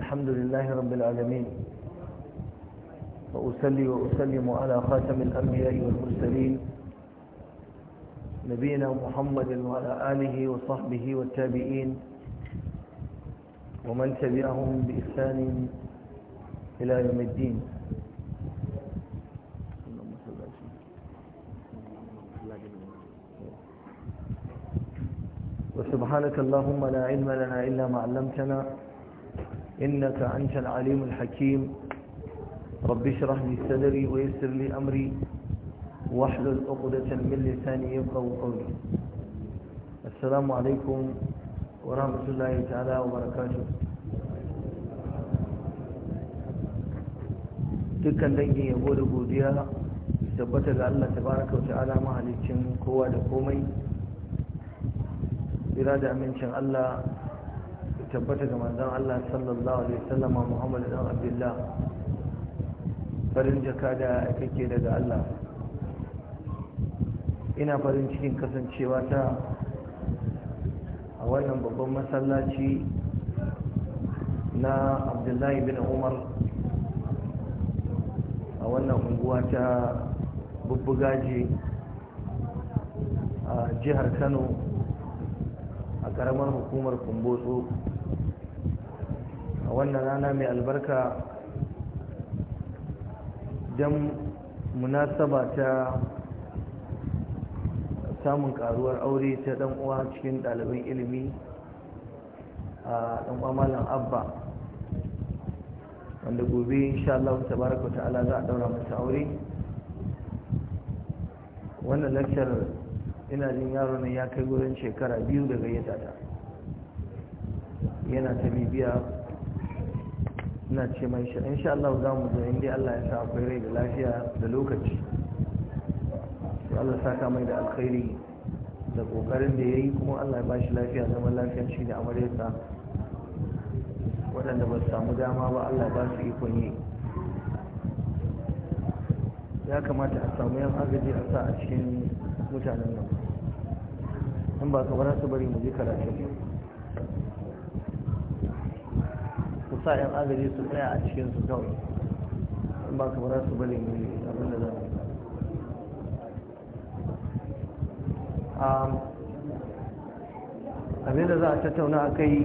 الحمد لله رب العالمين وأسلي وأسلم على خاتم الأنبياء والمرسلين نبينا محمد وعلى آله وصحبه والتابعين ومن تبعهم بإحسان إلى يوم الدين وسبحانك اللهم لا علم لنا إلا ما علمتنا إنك أنت العليم الحكيم رب اشرح لي صدري ويسر لي أمري واحلل عقدة من لساني يفقه قولي السلام عليكم ورحمة الله تعالى وبركاته dukkan dangin yabo da godiya tabbata ga Allah tabaraka wa ta'ala mahalicin kowa da komai irada amincin Allah tabbata ga manzan Allah sallallahu alaihi wasallam Muhammad dan Abdullah farin jaka da kake daga Allah ina farin cikin kasancewa ta a wannan babban masallaci na Abdullahi bin Umar a wannan unguwa ta bubbugaje a jihar Kano a karamar hukumar kumbotso a wannan rana mai albarka don munasaba ta samun karuwar aure ta dan uwa cikin ɗaliban ilimi a dan malam abba wanda gobe insha Allah baraka ta'ala za a daura masa aure wannan lecture ina jin yaro nan ya kai wurin shekara biyu daga yata ta yana ta bibiya na ce mai sha insha Allah za mu zo inda Allah ya sa akwai rai da lafiya da lokaci to Allah saka mai da alkhairi da kokarin da yayi kuma Allah ya ba shi lafiya zaman lafiya shi da amaryarsa waɗanda ba su samu dama ba Allah ba su ikon yi ya kamata a samu yan agaji a sa a cikin mutanen nan in ba ka su bari mu je karatu ku sa yan agaji su tsaya a cikin su kawai in ba ka su bari mu yi abin da za abin da za a tattauna a kai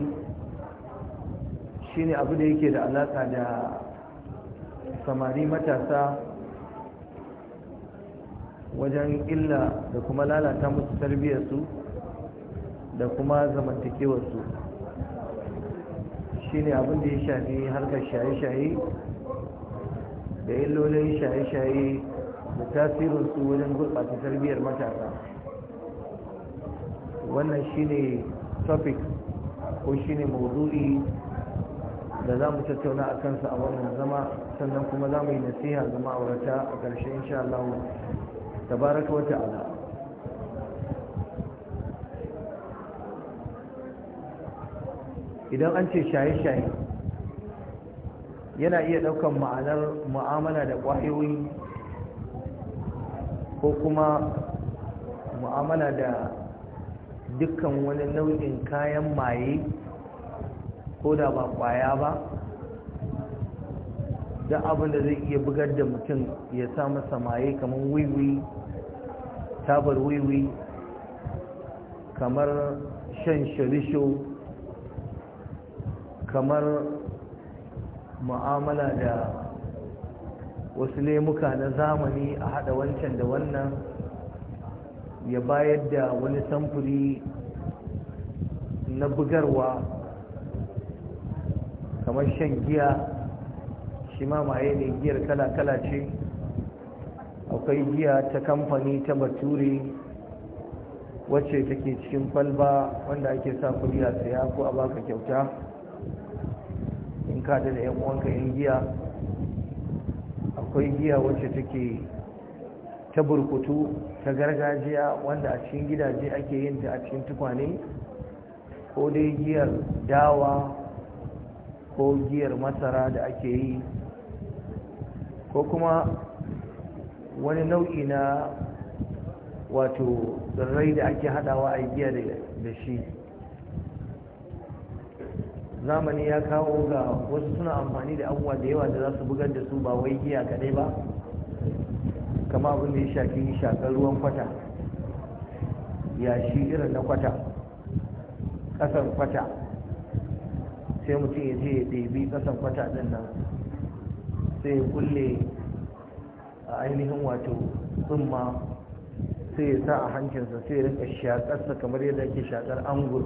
shine abu da yake da alaka da samari matasa wajen illa da kuma lalata musu tarbiyyarsu da kuma zamantakewarsu shi ne abin da ya shafi harkar shaye-shaye da illolin shaye-shaye da tasirinsu wajen gurɓata tarbiyyar matasa wannan shi ne topic ko shi ne mawuzuri da za mu tattauna a kansa a wannan zama sannan kuma za mu yi nasiha ga ma'aurata a ƙarshen sha Allah tabaraka Wata Allah. idan an ce shaye-shaye yana iya ɗaukan ma'anar mu'amala da ƙwayoyi ko kuma mu'amala da dukkan wani nau'in kayan maye ko da ba ƙwaya ba da abin da zai iya bugar da mutum ya sa masa maye kamar wiwi tabar wiwi kamar shan shirisho kamar mu'amala da wasu lemuka na zamani a hada wancan da wannan ya bayar da wani samfuri na bugarwa kamar shan giya shi ma maye ne giyar kala-kala ce akwai giya ta kamfani ta bature wacce take cikin falba wanda ake sa kuri a saya ko a baka kyauta ka da yan uwanka in giya akwai giya wacce take ta burkutu ta gargajiya wanda a cikin gidaje ake yin ta a cikin tukwane ko dai giyar dawa ko giyar masara da ake yi ko kuma wani nau'i na wato tsirrai da ake hadawa a giya da shi zamani ya kawo ga wasu suna amfani da abubuwa da yawa da za su bugar da su ba wai giya kadai ba kama abin da ya shafi shakar ruwan kwata yashi irin na kwata ƙasar kwata sai mutum ya je ya ɗebi kasan kwata ɗin nan sai ya kulle a ainihin wato tsumma sai ya sa a hankinsa sai ya rinka shakarsa kamar yadda ake shakar angul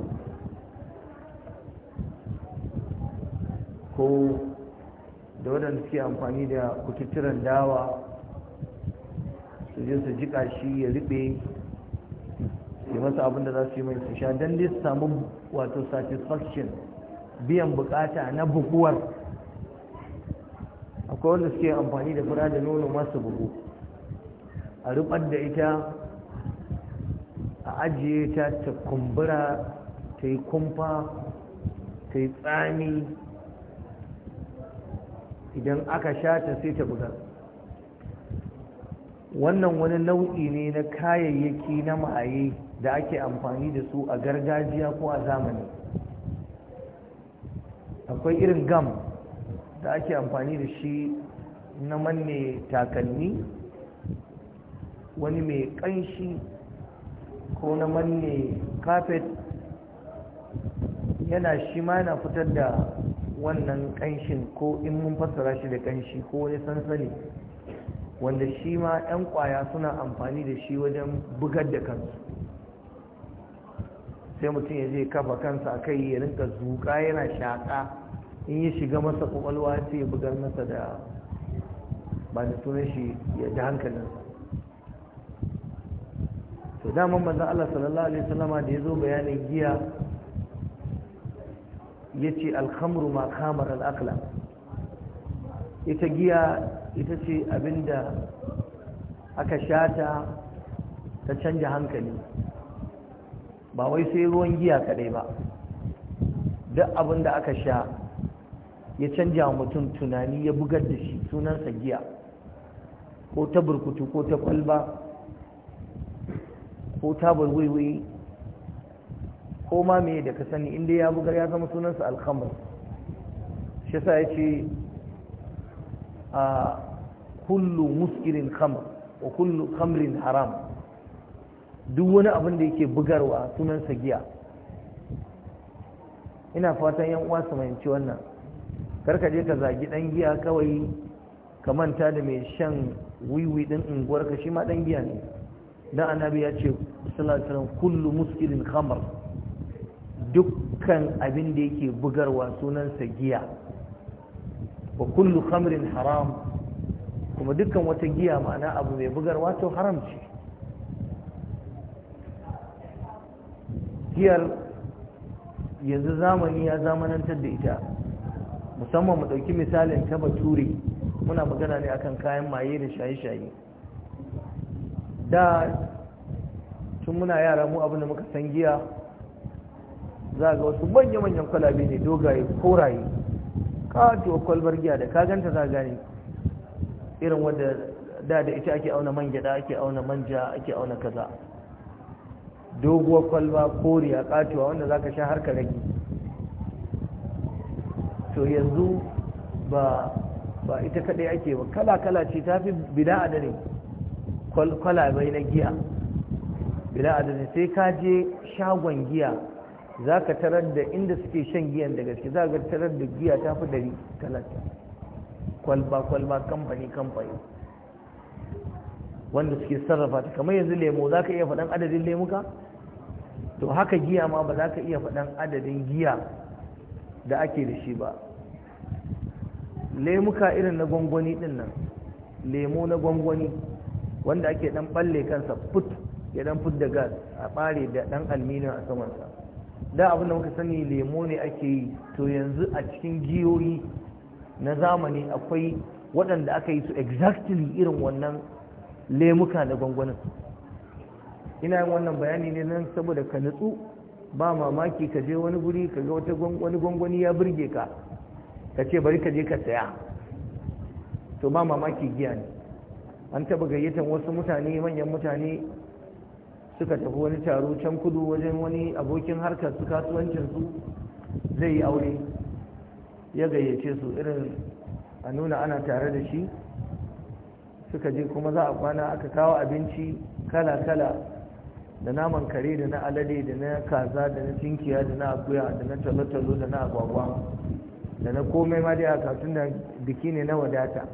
ko da waɗanda suke amfani da kututturen dawa su je su jika shi ya riɓe su masa abin da za su yi mai su sha don dai su samu wato satisfaction biyan bukata na bukuwar akwai wanda suke amfani da fura da nono masu bugu a rubar da ita a ajiye ta ta kumbura ta yi kumfa ta yi tsami idan aka sha ta sai ta buga. wannan wani nau'i ne na kayayyaki na ma'aye da ake amfani da su a gargajiya ko a zamani akwai irin gam da ake amfani da shi na manne takalmi wani mai kanshi ko na manne kafet yana shi ma yana fitar da wannan kanshin ko in mun fassara shi da kanshi ko wani sansani wanda shi ma 'yan kwaya suna amfani da shi wajen bugar da kansu sai mutum ya je kafa kansa a kai ya rinka zuka yana shaƙa in ya shiga masa kwakwalwa ce ya bugar masa da ba da tunan shi ya ji hankalin to daman manzan Allah sallallahu alaihi wasallama da ya zo bayanin giya yace ce alhamru ma kamar al'akla ita giya ita ce abinda aka shata ta canja hankali ba wai sai ruwan giya kadai ba duk abinda aka sha ya canja mutum tunani ya bugar da shi sunansa giya ko ta burkutu ko ta kwalba ko ta burwaiwai ko ma me da ka sani inda ya bugar ya zama sunansa alkhamr shi sa ya ce a kullu muskirin khamar wa kullu khamrin haram duk wani abin da yake bugarwa sunansa giya ina fatan yan uwa su fahimci wannan karka je ka zagi dan giya kawai ka manta da mai shan wiwi din unguwarka shi ma dan giya ne dan annabi ya ce sallallahu alaihi wasallam kullu muskirin khamr dukkan abin da yake bugarwa sunansa giya wa kullu khamrin haram kuma dukkan wata giya ma'ana abu mai bugarwa to haram ce giyar yanzu zamani ya zamanantar da ita musamman mu ɗauki misalin ta bature muna magana ne akan kayan maye da shaye-shaye da tun muna yara mu abin da muka san giya za ga wasu manya-manyan kwalabe ne dogaye koraye katuwa kwalbar giya da ganta za gane irin wadda da da ita ake auna man gyada ake auna manja ake auna kaza doguwar kwalba koriya katuwa wanda za ka sha har ka rage to yanzu ba ba ita kadai ake ba kala-kala ce ta fi bida adadin kwalabai na giya bila adadin sai ka je shagon giya za ka tarar da inda suke shan giyan da gaske za ka tarar da giya ta fi dari talata kwalba kwalba kamfani kamfani wanda suke sarrafa ta kamar yanzu lemo za ka iya faɗan adadin lemuka to haka giya ma ba za ka iya faɗan adadin giya da ake da shi ba lemuka irin na gwangwani ɗin nan lemo na gwangwani wanda ake ɗan ɓalle kansa fut ya ɗan fut da gas a ɓare da ɗan alminin a samansa da abin da muka sani lemo ne ake yi to yanzu a cikin giyoyi na zamani akwai waɗanda aka yi su exactly irin wannan lemuka da gwangwanin ina yin wannan bayani ne nan saboda ka nutsu ba mamaki ka je wani guri ka ga wata wani gwangwani ya burge ka ka ce bari ka je ka saya to ba mamaki giya ne an taba gayyatar wasu mutane manyan mutane suka tafi wani taro can kudu wajen wani abokin harkar su kasuwancinsu zai yi aure ya gayyace su irin a nuna ana tare da shi suka je kuma za a kwana aka kawo abinci kala-kala da naman kare da na alade da na kaza da na tinkiya da na akuya da na talo-talo da na agwagwa da na komai ma dai a da biki ne na wadata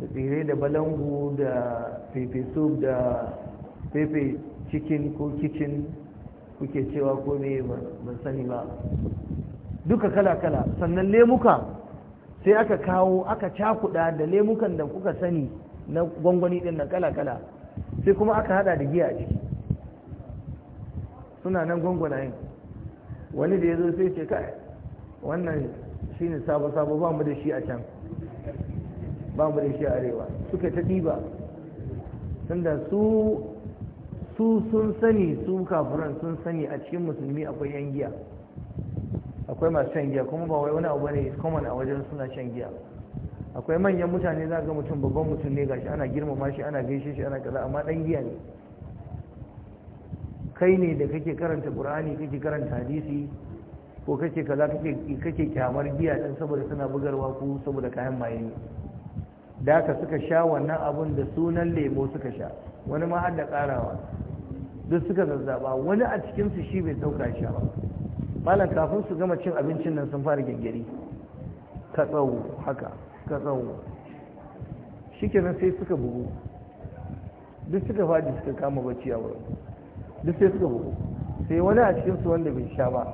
da tsire da balangu da fefe da fefe cikin ko kicin kuke cewa ko me ban sani ba duka kala-kala sannan lemuka sai aka kawo aka cakuda da lemukan da kuka sani na gwangwani din na kala-kala sai kuma aka hada da giya ciki suna nan gwangwanayin wani da ya zo sai ce kai wannan shi ne sabo-sabo ba mu da shi a can ba mu da shi a arewa suka ta ɗiba tunda su su sun sani su kafiran sun sani a cikin musulmi akwai yan giya akwai masu shan giya kuma ba wai wani abu ne common a wajen suna shan giya akwai manyan mutane za ga mutum babban mutum ne gashi ana girmama shi ana gaishe shi ana kaza amma dan giya ne kai ne da kake karanta qur'ani kake karanta hadisi ko kake kaza kake kake kyamar giya din saboda suna bugarwa ku saboda kayan maye ne da haka suka sha wannan abun da sunan lemo suka sha wani ma har da karawa duk suka zazzaba wani a cikinsu shi bai sauka shi ba malam kafin su gama cin abincin nan sun fara gyangyari ka tsawo haka ka tsawo shi kenan sai suka bugu duk suka faɗi suka kama bacci a wurin duk sai suka bugu sai wani a cikinsu wanda bai sha ba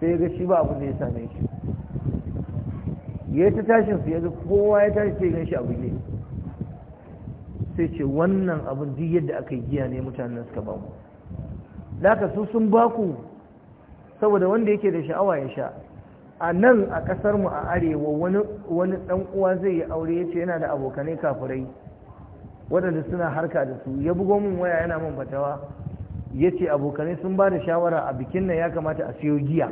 sai ga shi ba abin da ya same shi ya ta tashin su ya ga kowa ya tashi sai gan shi a guje sai ce wannan abin duk yadda aka yi giya ne mutanen suka ba mu laka su sun baku saboda wanda yake da sha'awa ya sha a nan a kasar mu a arewa wani dan uwa zai yi aure yace yana da abokanai kafirai waɗanda suna harka da su ya bugo min waya yana min fatawa yace abokanai sun ba da shawara a bikin nan ya kamata a siyo giya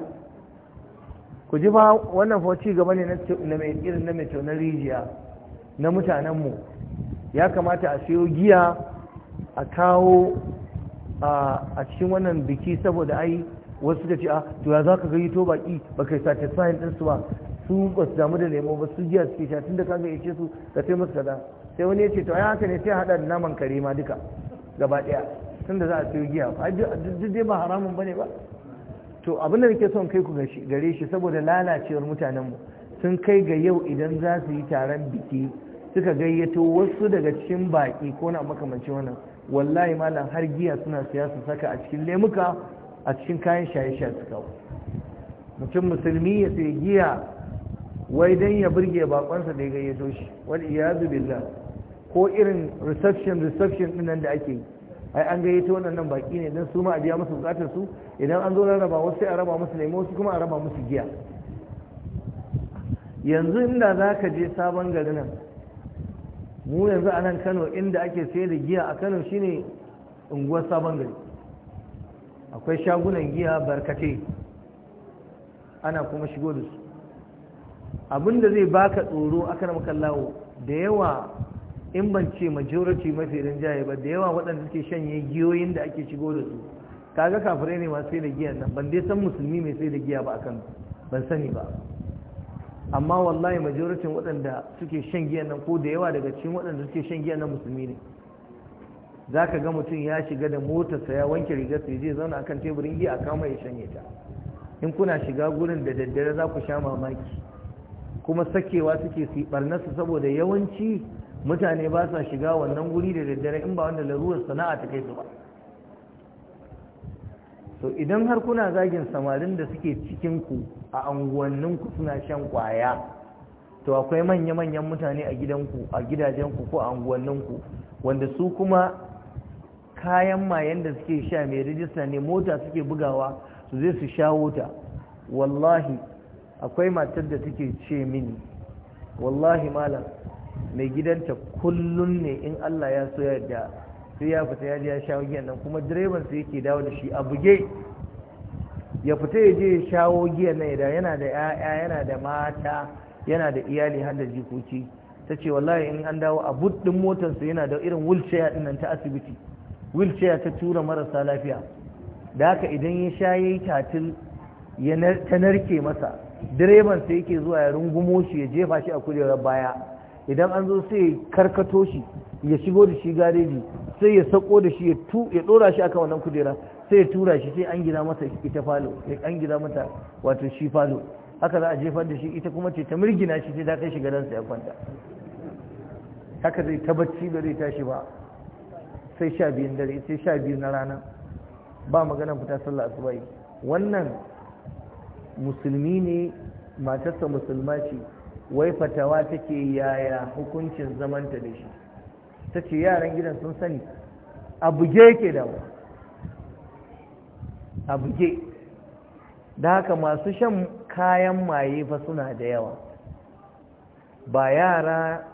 ku ji ba wannan fa ci gaba ne na mai irin na mai rijiya na mutanenmu ya kamata a siyo giya a kawo a cikin wannan biki saboda ai wasu da ce a ah, to ya za ka gani to baki ba kai satisfying ɗinsu ba su ba su damu da nemo ba su giya suke sha tun da kaga ya ce su ka sai musu kaza sai wani ya ce to ai haka ne sai haɗa da naman kare ma duka gaba ɗaya tun da za a siyo giya duk dai ba haramun ba ne ba to abin da nake son kai ku gare shi saboda lalacewar mutanenmu sun kai ga yau idan za su yi taron biki suka gayyato wasu daga cikin baƙi ko na makamanci wannan wallahi malam har giya suna siya su saka a cikin lemuka a cikin kayan shaye-shaye su kawo mutum musulmi ya sai giya wai don ya burge bakonsa da ya gayyato shi wani iyazu billah ko irin reception reception din nan da ake yi ai an gayyato wannan nan baki ne don su ma a biya musu bukatar su idan an zo rarraba wasu sai a raba musu lemo wasu kuma a raba musu giya yanzu inda za ka je sabon garin nan mu yanzu a nan kano inda ake sayar da giya a kano shine unguwar sabon gari akwai shagunan giya barkate ana kuma shigo da su abinda zai baka tsoro akan makallawo da yawa in ban ce majority mafi rinjaye ba da yawa waɗanda suke shanye giyoyin da ake shigo da su kaga kafirai ne masu sai da giyan nan ban dai san musulmi mai sai da giya ba akan ban sani ba amma wallahi majoritin waɗanda suke shan giyan nan ko da yawa daga cikin waɗanda suke shan giya nan musulmi ne za ka ga mutum ya shiga da motarsa ya wanke rigarsa ya je zauna kan teburin giya a kama ya shanye ta in kuna shiga gurin da daddare za ku sha mamaki kuma sakewa suke su barnarsa saboda yawanci mutane ba sa shiga wannan guri da daddare in ba wanda larurar sana'a ta kai su ba To idan har kuna zagin samarin da suke cikin ku a ku suna shan kwaya to akwai manya-manyan mutane a gidanku a gidajenku ko a ku wanda su kuma kayan mayan da suke sha mai rijista ne mota suke bugawa su zai su sha wuta wallahi akwai matar da take ce mini wallahi malam mai gidanta kullum ne in Allah ya so da sai ya fita ya je ya sha wuyan nan kuma direban su yake dawo da shi a buge ya fita ya je ya shawo giya na da yana da 'ya'ya yana da mata yana da iyali har da jikoki ta ce wallahi in an dawo a buddin motarsa yana da irin wheelchair dinnan ta asibiti wheelchair ta tura marasa lafiya da haka idan ya sha yayi tatil ya ta narke masa direban sai yake zuwa ya rungumo shi ya jefa shi a kujerar baya idan an zo sai ya karkato shi ya shigo da shi gareji sai ya sako da shi ya ɗora shi akan wannan kujera sai tura shi sai an gina masa ita falo sai an gina mata wato shi falo haka za a jefar da shi ita kuma ce ta mirgina shi sai ta kai shi gadansa ya kwanta haka zai tabbaci da zai tashi ba sai sha biyun dare sai sha biyu na rana ba magana fita sallah asuba wannan musulmi ne matarsa musulma ce wai fatawa take yaya hukuncin zamanta da shi ta ce yaran gidan sun sani a buge yake damuwa a buge da haka masu shan kayan maye fa suna da yawa ba yara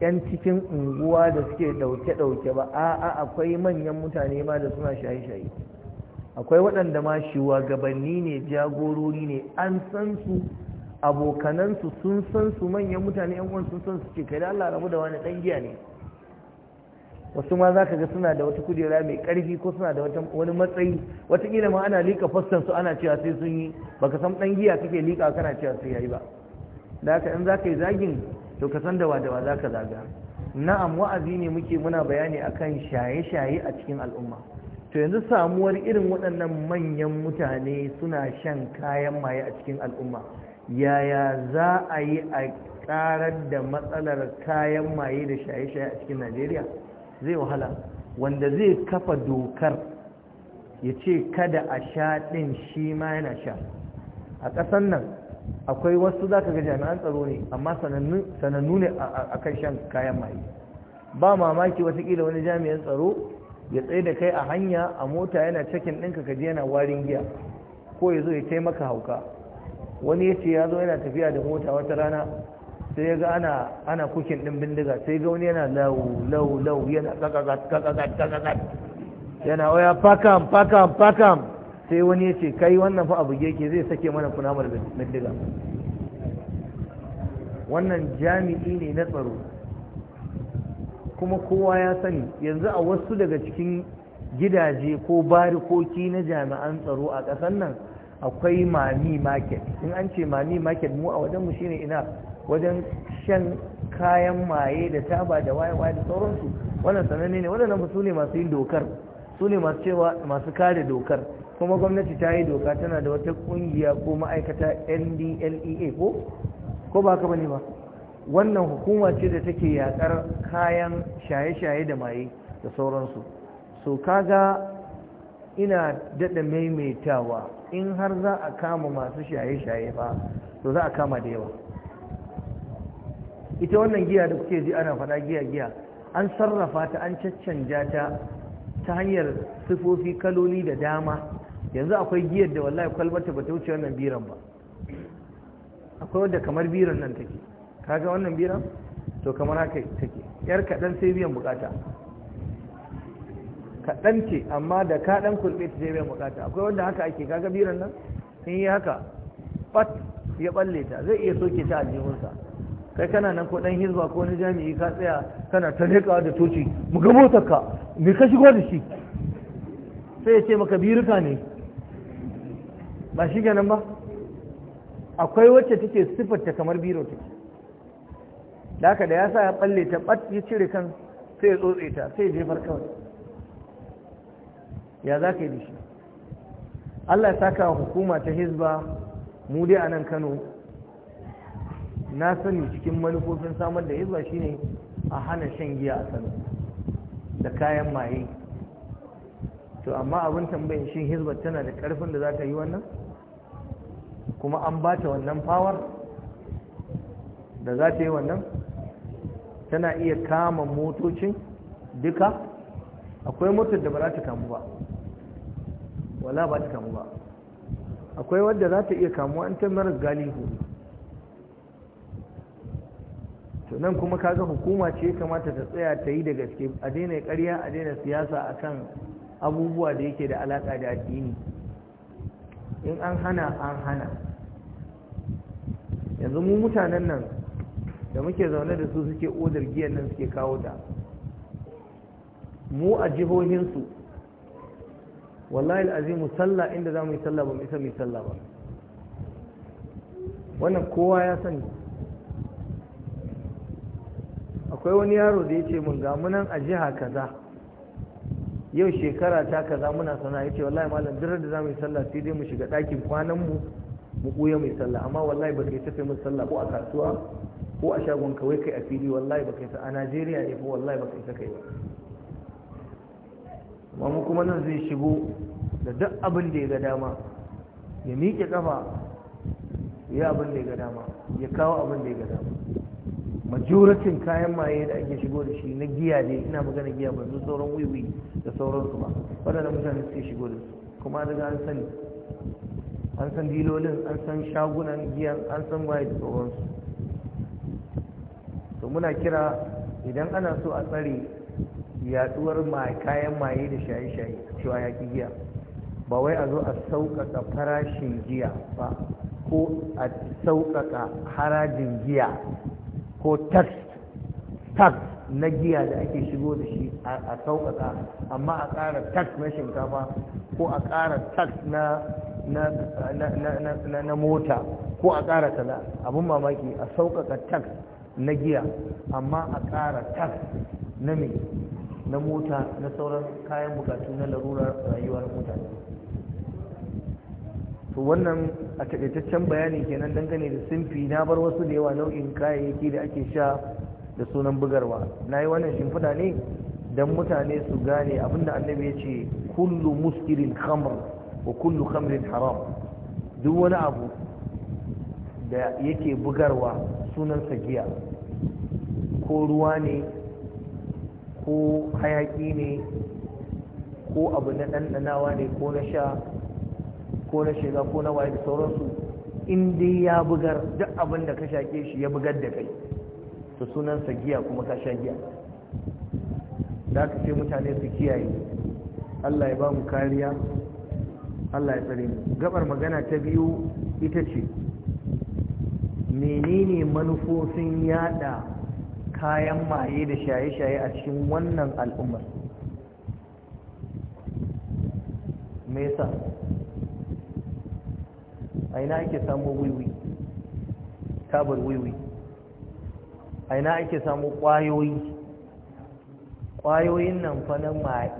'yan cikin unguwa da suke ɗauke-ɗauke ba a'a akwai manyan mutane ma da suna shaye-shaye akwai waɗanda ma gabanni ne jagorori ne an san su abokanansu sun san su manyan mutane 'yan uwan sun san kai da Allah rabu da wani ɗan giya ne wasu ma za ka ga suna da wata kujera mai ƙarfi ko suna da wani matsayi watakila ma ana liƙa su ana cewa sai sun yi baka san ɗan giya kake liƙa kana cewa sai yayi ba da haka in za ka yi zagin to ka san da wa da wa za ka zaga na'am wa'azi ne muke muna bayani akan shaye-shaye a cikin al'umma to yanzu samuwar irin waɗannan manyan mutane suna shan kayan maye a cikin al'umma yaya za a yi a ƙarar da matsalar kayan maye da shaye-shaye a cikin najeriya zai wahala wanda zai kafa dokar ya ce kada a sha ɗin shi ma yana sha a ƙasan nan akwai wasu za ka ga jami'an tsaro ne amma sanannu ne a kan shan kayan maye ba mamaki watakila wani jami'an tsaro ya tsaye da kai a hanya a mota yana cikin ɗinka je yana warin giya ko ya zo ya taimaka hauka wani ya ce ya zo yana tafiya da mota wata rana sai ya ga ana kukin din bindiga sai ga wani yana lau lau lau yana kakakat kakakat kakakat yana waya pakam pakam pakam sai wani ya ce kai wannan fa abu yake zai sake mana kunamar bindiga wannan jami'i ne na tsaro kuma kowa ya sani yanzu a wasu daga cikin gidaje ko barikoki na jami'an tsaro a ƙasar nan akwai mami market in an ce mami market mu a wajenmu shine ina wajen shan kayan maye da taba da wayewa da sauransu wannan sananne ne waɗannan su ne masu yin dokar su ne masu cewa masu kare dokar kuma gwamnati ta yi doka tana da wata kungiya ko ma'aikata ndlea ko ko ba ka bane ba wannan hukuma ce da take yakar kayan shaye-shaye da maye da sauransu so kaga ina daɗa maimaitawa in har za a kama masu shaye-shaye ba to za a kama da yawa ita wannan giya da kuke ji ana fada giya giya an sarrafa ta an caccanja ta ta hanyar sifofi kaloli da dama yanzu akwai giyar da wallahi kwalbata bata wuce wannan biran ba akwai wadda kamar biran nan take kaga wannan biran to kamar haka take yar kaɗan sai biyan bukata kaɗan ce amma da kaɗan kurɓe ta sai biyan bukata akwai wanda haka ake kaga biran nan sun yi haka bat ya balle ta zai iya soke ta aljihunsa kai kana nan ko dan hizba ko wani jami'i ka tsaya kana ta leƙa da toci mu ga motarka me ka shigo da shi sai ya ce maka biruka ne ba shi ganin ba akwai wacce take siffarta kamar biro take da haka da ya sa ya balle ta bat ya cire kan sai ya tsotse ta sai ya jefar kawai ya za ka yi da shi Allah ya saka hukuma ta hizba mu dai a nan Kano na sani cikin manufofin samar da izuwa shine a hana shan giya a Kano da kayan maye to amma abin tambayin shin hizbar tana da ƙarfin da za ta yi wannan kuma an ba ta wannan fawar da za ta yi wannan tana iya kama motocin duka akwai motar da ba za ta kamu ba wala ba ta kamu ba akwai wadda za ta iya kamuwa an ta marar galihu to nan kuma kaga hukuma ce ya kamata ta tsaya ta yi da gaske a daina ƙarya a daina siyasa a kan abubuwa da yake da alaƙa da addini in an hana an hana yanzu mu mutanen nan da muke zaune da su suke odar giyan nan suke kawo ta mu a jihohinsu wallahi al'azimu sallah inda za mu yi sallah ba mu isa mu yi sallah ba wannan kowa ya sani akwai wani yaro da ya ce mun ga munan a jiha kaza yau shekara ta kaza muna sana ya ce wallahi malam duk da za mu yi sallah sai dai mu shiga ɗakin kwanan mu mu ɓuya mai sallah amma wallahi ba kai ta kai sallah ko a kasuwa ko a shagon kawai kai a fili wallahi ba kai ta a najeriya ne ko wallahi ba kai ta kai ba amma mu kuma nan zai shigo da duk abin da ya ga dama ya miƙe kafa ya abin da ya ga dama ya kawo abin da ya ga dama majoratin kayan maye da ake shigo da shi na giya ne ina magana giya ba su sauran wiwi da sauransu ba waɗanda mutane suke shigo da su kuma daga an sani an san dilolin an san shagunan giya an san waye da sauransu to muna kira idan ana so a tsare yaduwar kayan maye da shaye-shaye cewa ya ki giya ba wai a zo a sauƙaƙa farashin giya ba ko a sauƙaƙa harajin giya ko tax tax na giya da ake shigo da shi a sauƙaƙa amma a ƙara tax na shinkafa ko a ƙara tax na mota ko a ƙara kaza abin mamaki a sauƙaƙa tax na giya amma a ƙara tax na mai na mota na sauran kayan bukatu na larurar rayuwar mutane to wannan a takaitaccen bayani kenan dangane da simfi na bar wasu da yawa nau'in kayayyaki da ake sha da sunan bugarwa na yi wannan shimfiɗa ne don mutane su gane abinda annabi ya ce kullu muskirin khamr wa kullu khamrin haram duk wani abu da yake bugarwa sunansa giya ko ruwa ne ko hayaki ne ko abu na ɗanɗanawa ne ko na sha ko na shiga ko na waye da sauransu in dai ya bugar duk abin da ka shaƙe shi ya bugar da kai to sunansa giya kuma ka sha giya da ka ce mutane su kiyaye Allah ya ba mu kariya Allah ya tsare mu gabar magana ta biyu ita ce menene manufofin yada kayan maye da shaye-shaye a cikin wannan al'ummar me yasa a ina ake samo wiwi tabar wiwi a ina ake samo kwayoyi kwayoyin nan fa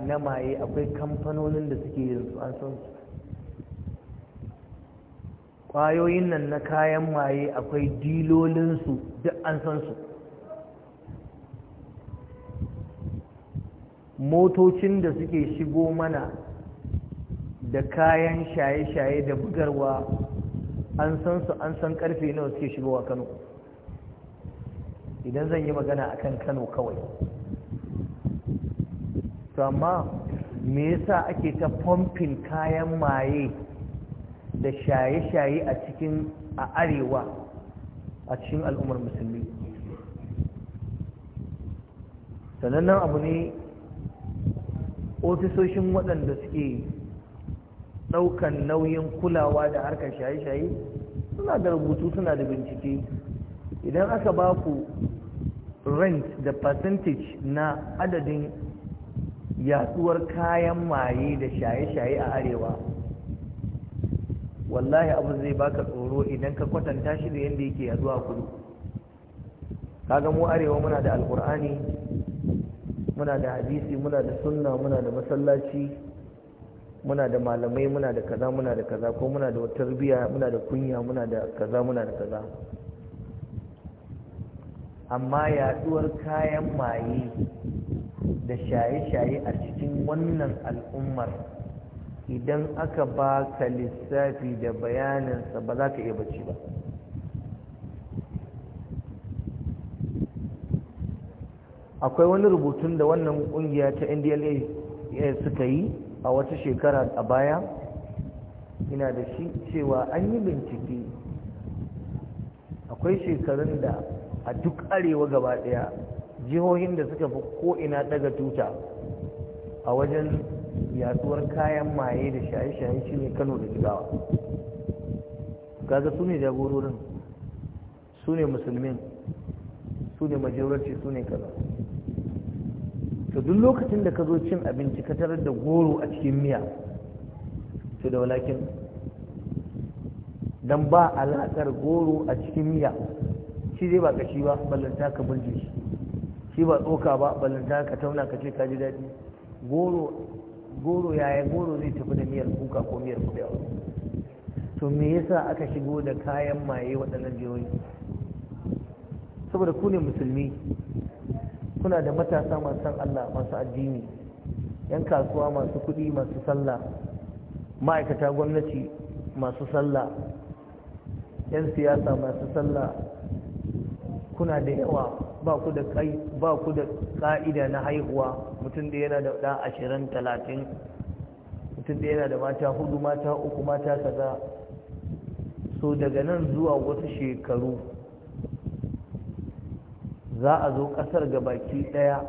na maye akwai kamfanonin da suke yin su an san su Kwayoyin nan na kayan maye akwai dilolinsu duk an san su motocin da suke shigo mana da kayan shaye-shaye da bugarwa an san su an san karfe nawa suke shigowa kano idan zan yi magana akan kano kawai to amma me yasa ake ta fomfin kayan maye da shaye-shaye a cikin a arewa a cikin al'ummar musulmi sanannen abu ne ofisoshin waɗanda suke daukan nauyin kulawa da harkar shaye-shaye suna da rubutu suna da bincike idan aka ba ku rent da percentage na adadin yatsuwar kayan maye da shaye-shaye a arewa wallahi abu zai baka tsoro idan ka kwatanta shi da yadda yake yaduwa kudu kaga mu arewa muna da alkur'ani muna da hadisi muna da sunna muna da masallaci muna da malamai muna da kaza muna da kaza ko muna da wata tarbiyya muna da kunya muna da kaza muna da kaza amma yaduwar kayan maye da shaye-shaye a cikin wannan al'ummar idan aka ba ka lissafi da bayaninsa ba za ka iya bacci ba akwai wani rubutun da wannan kungiya ta ndla suka yi a wata shekara a baya ina da shi cewa an yi bincike akwai shekarun da a duk arewa gaba daya jihohin da suka fi ko'ina daga tuta a wajen yaduwar kayan maye da shaye-shaye shi ne kano da jigawa gaza su ne jagororin su ne musulmin su ne majorarci su ne kaza to duk lokacin da ka zo cin abinci ka tarar da goro a cikin miya to da walakin dan ba alaƙar goro a cikin miya shi zai ba kashi ba ballanta ka burge shi shi ba tsoka ba ballanta ka tauna ka ce ka ji daɗi goro goro yaya goro zai tafi da miyar kuka ko miyar kubewa to me yasa aka shigo da kayan maye waɗannan jihohi saboda ku ne musulmi kuna da matasa masu san Allah masu addini yan kasuwa masu kudi masu sallah ma'aikata gwamnati masu sallah yan siyasa masu sallah kuna da yawa ba ku da kai ba ku da ka'ida na haihuwa mutum da yana da da ashirin talatin mutum da yana da mata hudu mata uku mata kaza so daga nan zuwa wasu shekaru za a zo kasar ga baki daya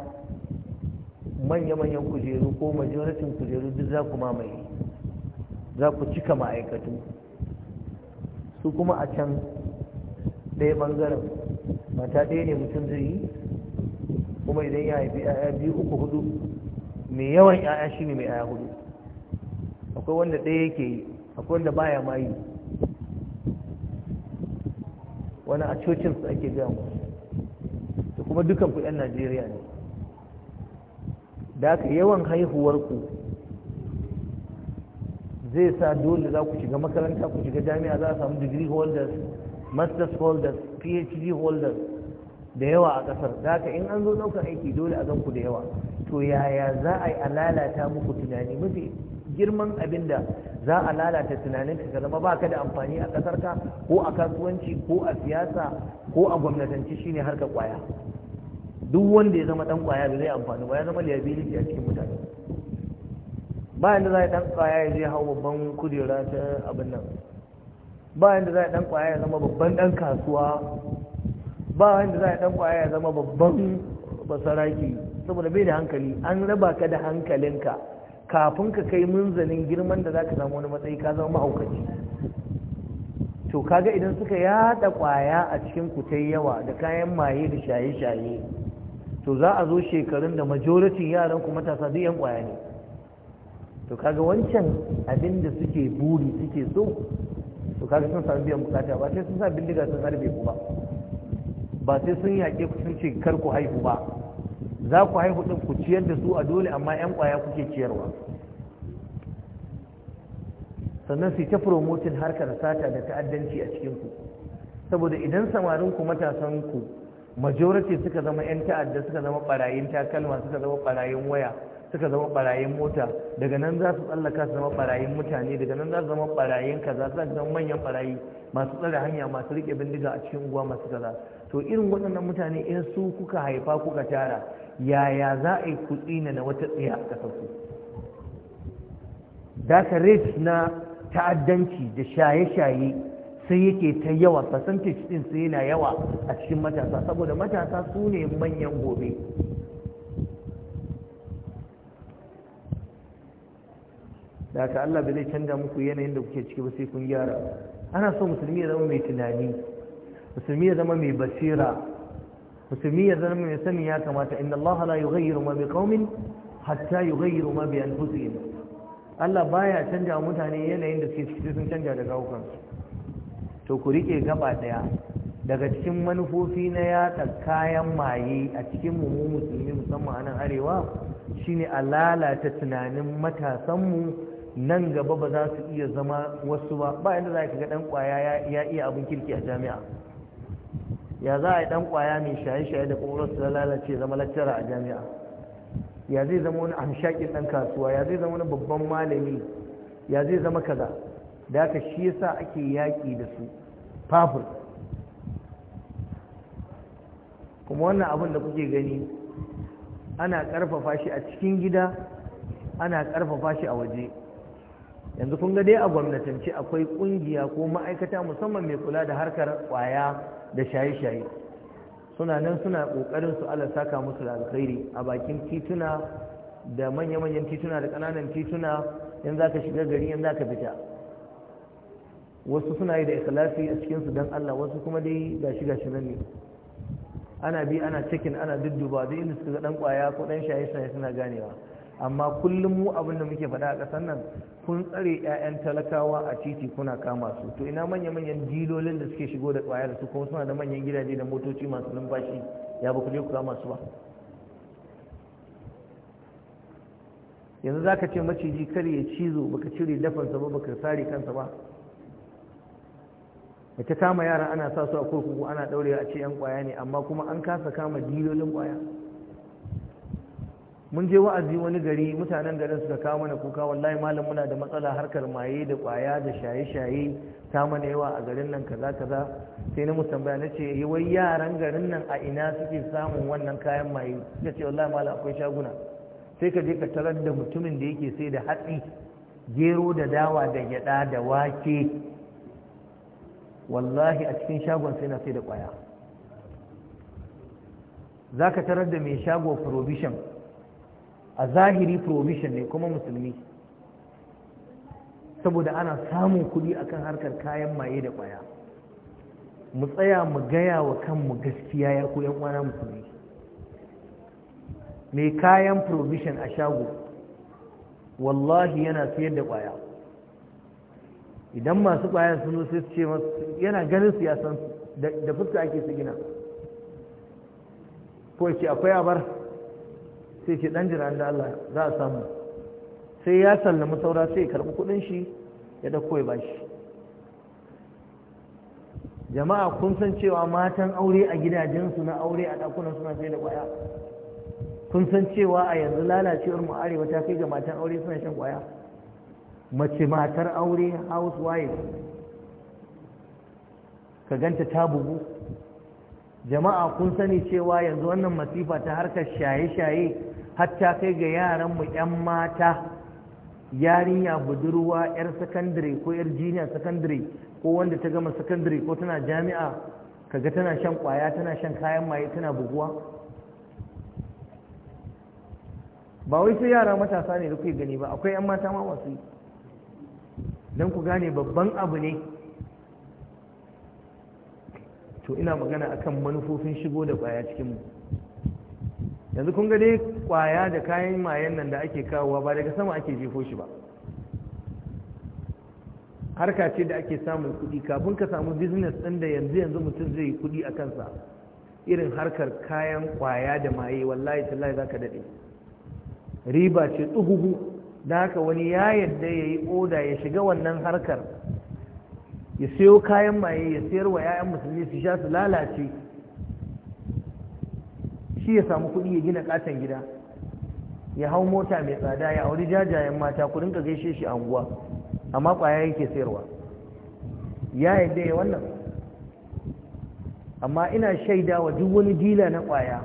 manya-manyan kujeru ko majalisun kujeru duk za ku mamaye za ku cika ma'aikatu su kuma a can ɗaya ɓangaren mata ɗaya ne mutum zai yi kuma idan ya haifi 'ya'ya biyu uku hudu mai yawan 'ya'ya shi ne mai 'ya'ya hudu akwai wanda ɗaya yake yi akwai wanda baya mayu. wani a su ake gaya musu kuma dukan ku yan najeriya ne da aka yawan haihuwarku zai sa dole za ku shiga makaranta ku shiga jami'a za a samu degree holders masters holders phd holders da yawa a kasar da aka in an zo ɗaukar aiki dole a ku da yawa to yaya za a yi a lalata muku tunani mafi girman abin da za a lalata tunanin ka zama ka da amfani a kasarka ko a kasuwanci ko a siyasa ko a gwamnatanci shine harka kwaya duk wanda ya zama dan kwaya ba zai amfani ba ya zama liability a cikin mutane ba yanda za a yi dan kwaya ya je hau babban kujera ta abin nan ba yanda za a yi dan kwaya ya zama babban dan kasuwa ba yanda za a yi dan kwaya ya zama babban basaraki saboda bai da hankali an raba ka da hankalinka kafin ka kai munzalin girman da za ka samu wani matsayi ka zama mahaukaci to kaga idan suka yada kwaya a cikin kutai yawa da kayan maye da shaye-shaye to za a zo shekarun da majoritin yaran ku matasa duk yan kwaya ne to kaga wancan abin da suke buri suke so to kaga sun sami biyan bukata ba sai sun sa bindiga sun harbe ku ba ba sai sun yaƙe ku sun ce kar ku haihu ba za ku haihu din ku ciyar da su a dole amma yan kwaya kuke ciyarwa sannan su ta promotin harkar sata da ta'addanci a cikin ku saboda idan samarin ku matasan ku majority suka zama 'yan ta'adda suka zama barayin takalma suka zama barayin waya suka zama barayin mota daga nan za su tsallaka su zama barayin mutane daga nan za su zama barayin kaza za su zama manyan barayi masu tsare hanya masu rike bindiga a cikin unguwa masu kaza to irin waɗannan mutane in su kuka haifa kuka tara yaya za a yi kuɗi na wata tsaya a ƙasar su da rate na ta'addanci da shaye-shaye sai yake ta yawa percentage din sai yana yawa a cikin matasa saboda matasa su ne manyan gobe da haka Allah bai zai canza muku yanayin da kuke ciki ba sai kun gyara ana so musulmi ya zama mai tunani musulmi ya zama mai basira musulmi ya zama mai sani ya kamata inna Allah la yughayyiru ma qaumin hatta yughayyiru ma bi anfusihim Allah baya canja mutane yanayin da suke ciki sun canja da kawukansu to ku riƙe gaba ɗaya daga cikin manufofi na yatsa kayan maye a cikin mu musulmi musamman a nan arewa shine a lalata tunanin matasanmu nan gaba ba za su iya zama wasu ba ba yadda za ka ga ɗan kwaya ya iya abin kirki a jami'a ya za a yi ɗan kwaya mai shaye-shaye da kuma su lalace zama lattara a jami'a ya zai zama wani amshakin ɗan kasuwa ya zai zama wani babban malami ya zai zama kaza da aka shi yasa ake yaƙi da su fafur kuma wannan abin da kuke gani ana ƙarfafa shi a cikin gida ana ƙarfafa shi a waje yanzu kun ga dai a gwamnatance akwai ƙungiya ko ma'aikata musamman mai kula da harkar ƙwaya da shaye-shaye suna nan suna ƙoƙarin su ala saka musu da alkhairi a bakin tituna da manya-manyan tituna da ƙananan tituna yanzu za shiga gari yanzu aka fita wasu suna yi da ikhlasi a cikinsu don Allah wasu kuma dai gashi gashi nan ne ana bi ana cikin ana dudduba duk inda suka ga dan kwaya ko dan shaye shaye suna ganewa amma kullum mu abin da muke faɗa a ƙasar nan kun tsare 'ya'yan talakawa a titi kuna kama su to ina manya manyan dilolin da suke shigo da da su kuma suna da manyan gidaje da motoci masu numfashi ya ba ku je ku kama su ba yanzu zaka ce maciji kar ya cizo baka cire dafansa ba baka sare kansa ba ta kama yara ana sa su a kurkuku ana ɗaurewa a ce 'yan kwaya ne amma kuma an kasa kama dilolin kwaya. mun je wa'azi wani gari mutanen garin suka kawo mana kuka wallahi malam muna da matsala harkar maye da kwaya da shaye-shaye ta mana yawa a garin nan kaza kaza sai na tambaya na ce eh, wai yaran garin nan a ina suke samun wannan kayan maye suka ce wallahi malam akwai shaguna sai ka je ka tarar da mutumin da yake sai da hatsi gero da dawa da gyada da wake wallahi a cikin shagon sai na sai da ƙwaya. za ka tarar da mai shago provision a zahiri provision ne kuma musulmi saboda ana samun kuɗi akan harkar kayan maye da ƙwaya. mu tsaya mu gaya wa kanmu gaskiya ya ku yan uwana musulmi mai kayan provision a shago wallahi yana sayar da ƙwaya. idan masu ƙwayar sun sai su ce masu yana ganin su ya san da fuska ake su gina ko ce akwai abar sai ce ɗan jiran da Allah za a samu sai ya sallama saura sai ya karɓi kuɗin shi ya ɗauko ya bashi jama'a kun san cewa matan aure a gidajensu na aure a ɗakunan suna sai da ƙwaya kun san cewa a yanzu lalacewar mu arewa ta kai ga matan aure suna shan ƙwaya mace matar aure housewife ka ganta ta bugu jama'a kun sani cewa yanzu wannan masifa ta harkar shaye-shaye hatta kai ga yaran mu 'yan mata yarinya budurwa 'yar sakandare ko 'yar jiniya sakandare ko wanda ta gama sakandare ko tana jami'a kaga tana shan kwaya tana shan kayan maye tana buguwa ba wai sai yara matasa ne da kuke gani ba akwai 'yan mata ma masu yi don ku gane babban abu ne to ina magana akan manufofin shigo da kwaya cikinmu yanzu kun ga dai kwaya da kayan mayan nan da ake kawowa ba daga sama ake jefo shi ba harka ce da ake samun kuɗi kafin ka samu business ɗin da yanzu yanzu mutum zai yi kuɗi a kansa irin harkar kayan kwaya da maye wallahi tallahi za ka daɗe riba ce tsuhuhu da haka wani ya yadda ya yi oda ya shiga wannan harkar ya sayo kayan maye ya sayar wa 'ya'yan musulmi su sha su lalace shi ya samu kuɗi ya gina katon gida ya hau mota mai tsada ya auri jajayen mata ku rinka gaishe shi anguwa amma ƙwaya yake sayarwa ya yadda ya wannan amma ina shaida wa duk wani dila na ƙwaya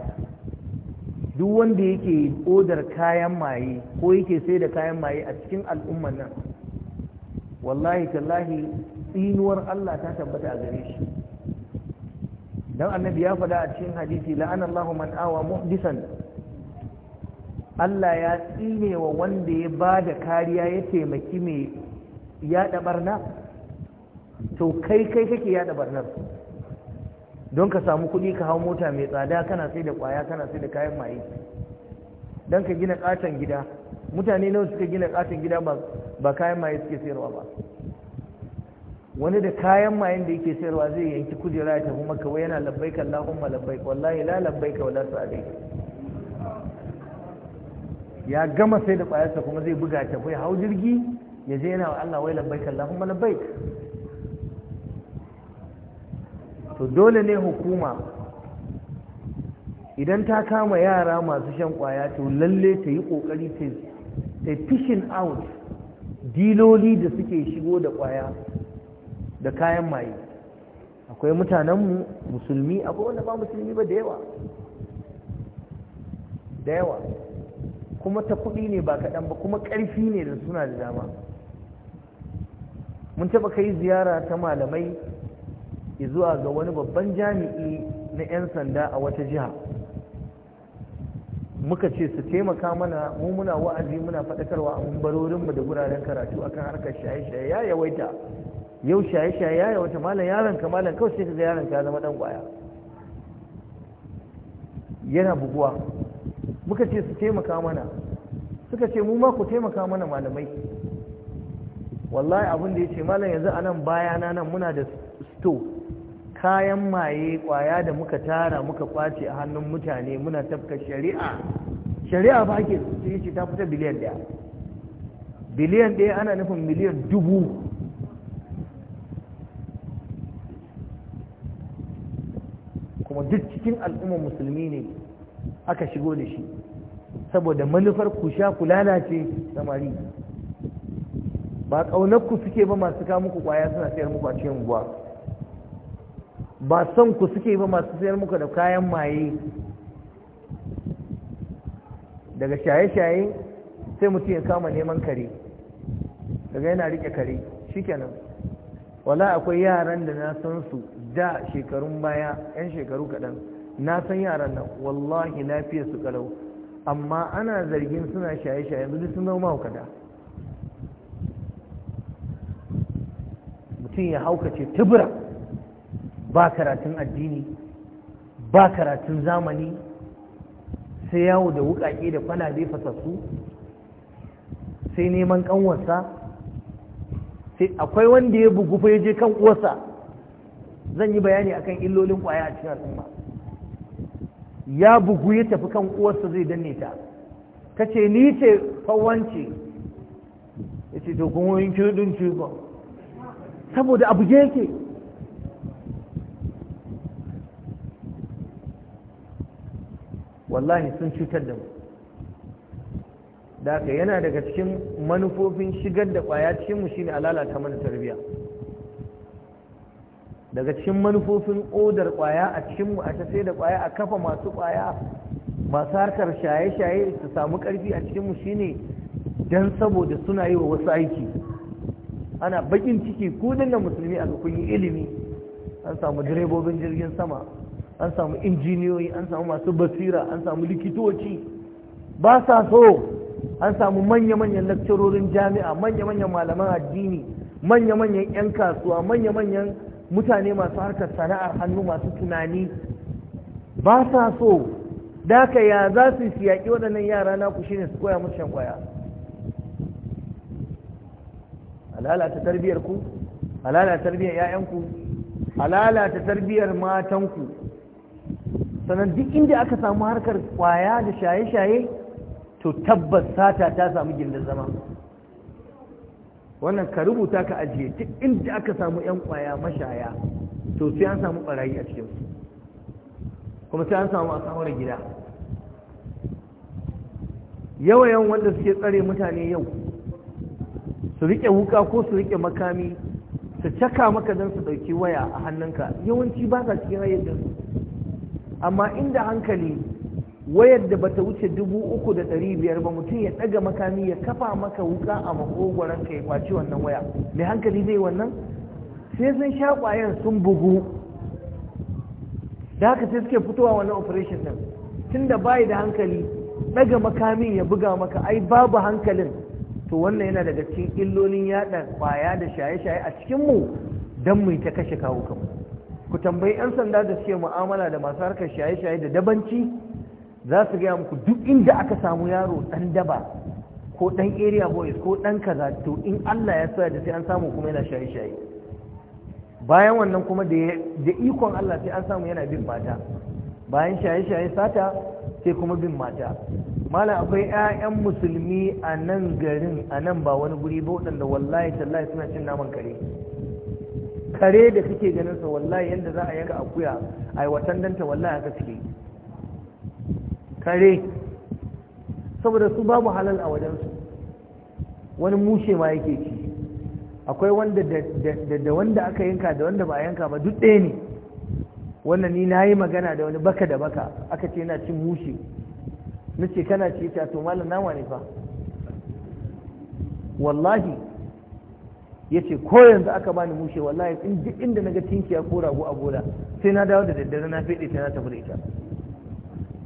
duk wanda yake odar kayan maye ko yake sai da kayan maye a cikin al'umman nan wallahi tallahi tsinuwar Allah ta tabbata a gare shi Don annabi ya faɗa a cikin hadisi la'an Allahu man awa muhdisan Allah ya tsine wa wanda ya ba da kariya ya taimaki mai yaɗa barna to kai kai kake yaɗa barnar don ka samu kuɗi ka hau mota mai tsada kana sai da ƙwaya kana sai da kayan maye don ka gina ƙaton gida mutane nawa suka gina ƙaton gida ba kayan maye suke sayarwa ba wani da kayan mayen da yake sayarwa zai yanki kujera ya tafi maka wai yana labbai kan ma labbai wallahi la labbai ka wala sa'adai ya gama sai da ƙwayarsa kuma zai buga tafi hau jirgi ya je yana Allah wai labbai kan ma labbai to dole ne hukuma idan ta kama yara masu shan kwaya to lalle ta yi kokari ta fishin out diloli da suke shigo da kwaya da kayan maye akwai mutanenmu musulmi akwai wanda ba musulmi ba da yawa da yawa kuma ta kuɗi ne ba kaɗan ba kuma ƙarfi ne da suna da dama mun taɓa kai ziyara ta malamai zuwa ga wani babban jami'i na 'yan sanda a wata jiha muka ce su taimaka mana mu muna wa'azi muna faɗakarwa a mumbarorinmu da guraren karatu akan harkar shaye-shaye ya yawaita yau shaye-shaye ya yawaita malam yaron ka malam kawai sai kaga yaron ka ya zama dan kwaya yana buguwa muka ce su taimaka mana suka ce mu ma ku taimaka mana malamai wallahi abin da ya ce malam yanzu anan bayana nan muna da store kayan maye kwaya da muka tara muka kwace a hannun mutane muna tafka shari'a shari'a ba ke sun ce ta fita biliyan daya biliyan daya ana nufin miliyan dubu kuma duk cikin al'ummar musulmi ne aka shigo da shi saboda manufar ku sha ku lalace samari ba ƙaunar ku suke ba masu kawo muku kwaya suna sayar muku a cikin guwa ba son ku suke ba masu sayar muku da kayan maye daga shaye-shaye sai mutum ya kama neman kare daga yana rike kare shikenan wala akwai yaran da na san su da shekarun baya yan shekaru kaɗan na san yaran nan wallahi lafiya su kalau amma ana zargin suna shaye-shaye yanzu sun zama mahaukata mutum ya haukace tubura ba karatun addini ba karatun zamani sai yawo da wukake da kwalabe fasassu sai neman kanwarsa sai akwai wanda ya bugu fa je kan uwarsa zan yi bayani akan illolin kwaya a cikin al'umma ya bugu ya tafi kan uwarsa zai danne ta kace ce ni ce fawance ya ce to kuma yin kirdin ce ba saboda abu yake wallahi sun cutar da mu da yana daga cikin manufofin shigar da ƙwaya cikin mu shine a lalata mana tarbiyya daga cikin manufofin odar kwaya a cikinmu a sai da kwaya a kafa masu kwaya masu harkar shaye-shaye su samu karfi a cikinmu shine dan saboda suna yi wa wasu aiki ana bakin ciki kudin da musulmi a kun ilimi an samu direbobin jirgin sama an samu injiniyoyi an samu masu basira an samu likitoci ba sa so an samu manya-manyan lakcarorin jami'a manya-manyan malaman addini manya-manyan 'yan kasuwa manya-manyan mutane masu harkar sana'ar hannu masu tunani ba sa so daka ya za su siyaki waɗannan yara na ku shine su koya musu shan kwaya alalata tarbiyar ku ku tarbiyyar 'ya'yanku tarbiyar matan matanku sannan duk inda aka samu harkar kwaya da shaye-shaye to tabbas sata ta samu gindin zama wannan ka rubuta ka ajiye duk inda aka samu 'yan kwaya mashaya to sai an samu barayi a cikinsu kuma sai an samu a asamar gida yawayan wanda suke tsare mutane yau su rike wuka ko su rike makami su caka maka don su ɗauki waya a hannunka yawanci ba sa cikin su amma inda hankali wayar da bata wuce dubu uku da ɗari biyar ba mutum ya ɗaga makami ya kafa maka wuka a makogoron ka ya kwaci wannan waya mai hankali zai wannan sai sun sha ƙwayan sun bugu da haka sai suke fitowa wannan operation din tunda bayi da hankali ɗaga makami ya buga maka ai babu hankalin to wannan yana daga cikin illolin yaɗa ƙwaya da shaye-shaye a cikin mu don mu ta kashe kawo kanmu ku tambayi 'yan sanda da suke mu'amala da masu harkar shaye-shaye da dabanci za su gaya muku duk inda aka samu yaro ɗan daba ko ɗan area boys ko ɗan kaza to in allah ya sa da sai an samu kuma yana shaye-shaye bayan wannan kuma da ikon allah sai an samu yana bin mata bayan shaye-shaye sata sai kuma bin mata mala akwai 'ya'yan musulmi a nan garin a nan ba wani guri ba waɗanda wallahi tallahi suna cin naman kare kare da suke ganin sa wallahi yanda za a yanka akuya a yi watan danta wallahi haka suke kare saboda su babu halal a wajensu wani mushe ma yake ci akwai wanda da wanda aka yanka da wanda ba a yanka ba duk ɗaya ne wannan ni na yi magana da wani baka da baka aka ce yana cin mushe na ce kana ci ta to malam na ne fa wallahi ya ce ko yanzu aka bani mushe wallahi in duk inda na ga tinkiya ko rago a bola sai na dawo da daddare na fede ta na tafi da ita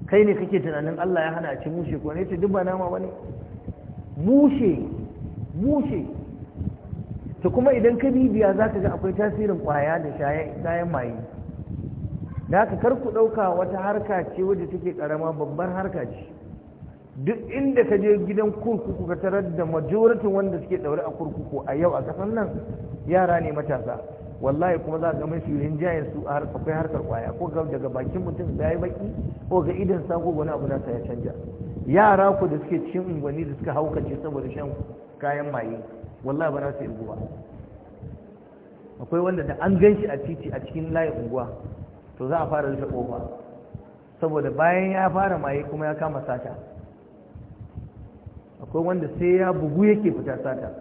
kai ne kake tunanin Allah ya hana a ci mushe ko ne ce duk ba nama bane mushe mushe to kuma idan ka bibiya zaka ga akwai tasirin kwaya da kayan maye da haka kar ku ɗauka wata harka ce wadda take karama babbar harka ce duk inda ka je gidan kurkuku ka tarar da majoratin wanda suke daure a kurkuku a yau a kasan nan yara ne matasa wallahi kuma za ga mafi jayen su a akwai harkar kwaya ko daga bakin mutum da ya baki ko ga idan sa ko wani abu nasa ya canja yara ku da suke cin unguwanni da suka haukace saboda shan kayan maye wallahi ba na su yi ba akwai wanda da an gan shi a titi a cikin layin unguwa to za a fara rufe kofa saboda bayan ya fara maye kuma ya kama sata akwai wanda sai ya bugu yake fita sata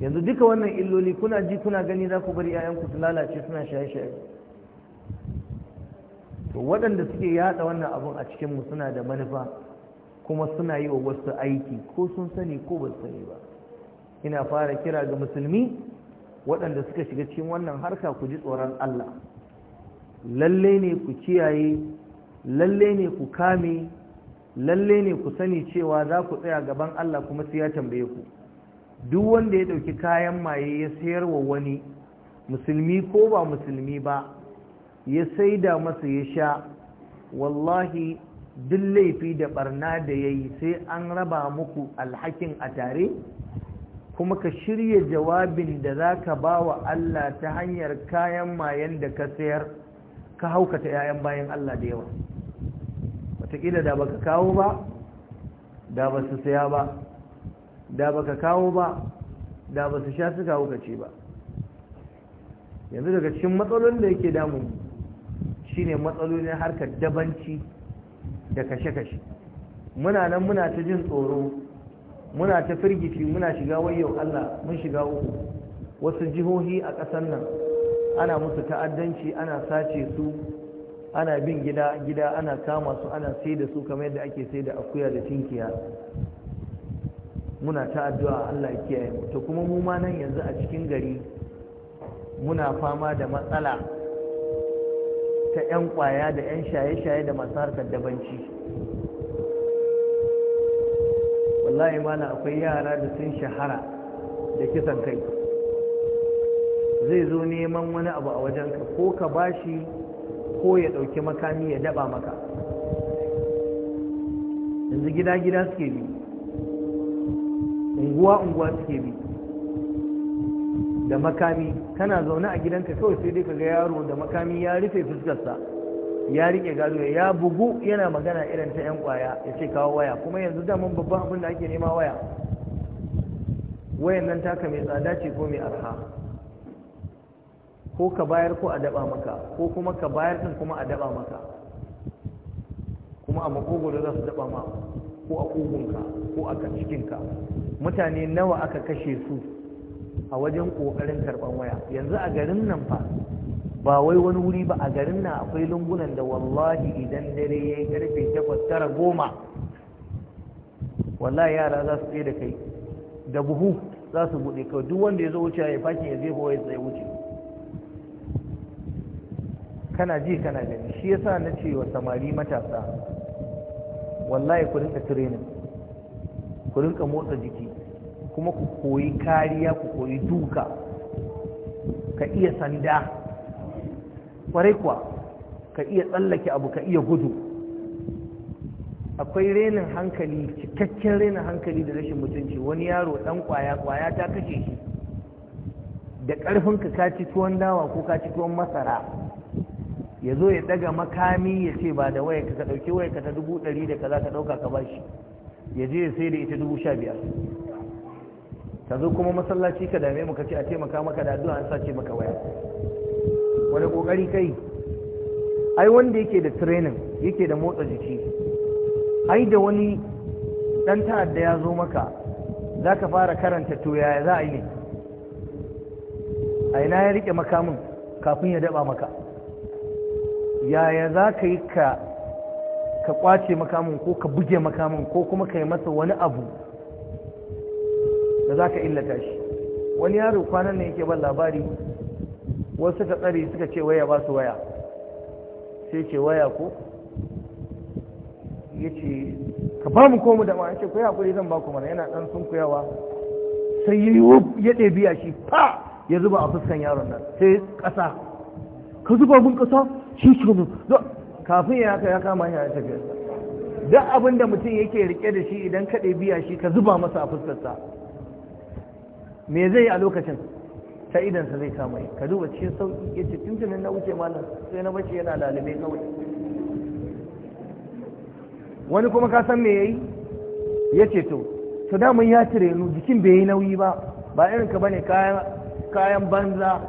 yanzu duka wannan illoli kuna ji kuna gani za ku bari 'ya'yanku su lalace suna shaye-shaye to waɗanda suke yada wannan abun a cikinmu suna da manufa kuma suna yi wa wasu aiki ko sun sani ko ba sani ba ina fara kira ga musulmi waɗanda suka shiga cikin wannan harka ku ji tsoron Allah lalle ne ku kiyaye lalle ne ku kame lalle ne ku sani cewa za ku tsaya gaban Allah kuma sai ya tambaye ku duk wanda ya ɗauki kayan maye ya sayar wa wani musulmi ko ba musulmi ba ya saida masa ya sha wallahi duk laifi da barna da ya yi sai an raba muku alhakin a tare kuma ka shirya jawabin da za ka ba wa Allah ta hanyar kayan mayen da ka sayar ka haukata 'ya'yan bayan Allah da yawa wataƙila da baka kawo ba da ba su saya ba da baka kawo ba da ba su sha su kawo ce ba yanzu daga cikin matsalolin da yake damun shine matsalolin harkar dabanci da kashe-kashe muna nan muna ta jin tsoro muna ta firgici muna shiga yau Allah mun shiga uku wasu jihohi a ƙasar nan ana musu ta'addanci ana sace su ana bin gida gida ana kama su ana sai da su kamar yadda ake sai da akuya da tinkiya muna ta addu'a Allah ya kiyaye mu kuma mu ma nan yanzu a cikin gari muna fama da matsala ta 'yan kwaya da 'yan shaye-shaye da masu harkar dabanci wallahi mana akwai yara da sun shahara da kisan kai zai zo neman wani abu a wajenka ko ka bashi ko ya ɗauki makami ya daba maka yanzu gida-gida suke bi unguwa-unguwa suke bi da makami kana zaune a gidanka kawai sai dai ka ga yaro da makami ya rufe fuskarsa ya rike gado ya bugu yana magana irin ta 'yan kwaya ya ce kawo waya kuma yanzu daman babban abin da ake nema waya wayan nan taka mai tsada ce ko mai arha ko ka bayar ko a daba maka ko kuma ka bayar din kuma a daba maka kuma a makogoro za su daba ma ko a kogonka ko a cikinka mutane nawa aka kashe su a wajen kokarin karban waya yanzu a garin nan fa ba wai wani wuri ba a garin nan akwai lungunan da wallahi idan dare ya yi karfe takwas tara goma wallahi yara za su tsaye da kai da buhu za su buɗe kawai duk wanda ya zo wuce ya fakin ya zai ya tsaye wuce kana ji kana gani shi yasa na ce wa samari matasa wallahi ku rinka training ku rinka motsa jiki kuma ku koyi kariya ku koyi duka ka iya sanda kwarai kuwa ka iya tsallake abu ka iya gudu akwai renin hankali cikakken renin hankali da rashin mutunci wani yaro dan kwaya kwaya ta kashe shi da ƙarfinka ka ci tuwon dawa ko ka ci tuwon masara ya zo ya daga makami ya ce ba da waya ka ɗauki waya ka ta dubu ɗari da ka za ka ɗauka ka bashi ya je ya sai da ita dubu sha biyar ka zo kuma masallaci ka dame mu ka ce a taimaka maka da addu'a an sace maka waya wani kokari kai ai wanda yake da training yake da motsa jiki ai da wani dan ta'adda ya zo maka za ka fara karanta to yaya za a yi ne. a ina ya rike makamin kafin ya daba maka yaya za ka yi ka kwace makamin ko ka buge makamin ko kuma ka yi masa wani abu da za ka illata shi wani yaro kwanan ne yake ban labari wasu suka tsari suka ce waya ba su waya sai ce waya ko ya ce ka ba mu komu da ma ce ku kuri zan ba ku mana yana ɗan sun kuyawa sai ya ya ɗebi shi fa ya zuba a fuskan yaron nan sai ƙasa ka zuba mun ƙasa shi shuru kafin ya haka ya kama ya tafiya duk abin da mutum yake rike da shi idan kaɗe biya shi ka zuba masa a fuskarsa me zai yi a lokacin ta idansa zai kama ka duba cikin sauƙi ya ce tuntunin na wuce malam sai na bace yana lalibai kawai wani kuma ka san me yi ya ce to to damun ya cire nu jikin bai yi nauyi ba ba irin ka bane kayan banza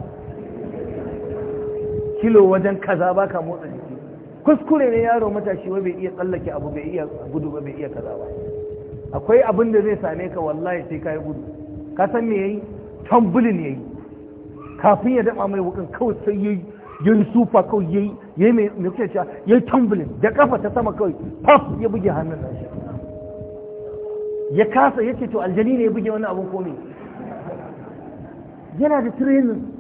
kilo wajen kaza baka motsa jiki kuskure ne yaro matashi wa bai iya tsallake abu bai iya gudu ba bai iya kaza ba akwai abin da zai same ka wallahi sai ka yi gudu ka san me yayi tambulin yayi kafin ya dama mai wukan kawai sai yayi yayi sufa kawai yayi yayi mai me cewa yayi tambulin da kafa ta sama kawai pop ya buge hannun nan ya kasa yace to aljani ne ya buge wani abun komai yana da training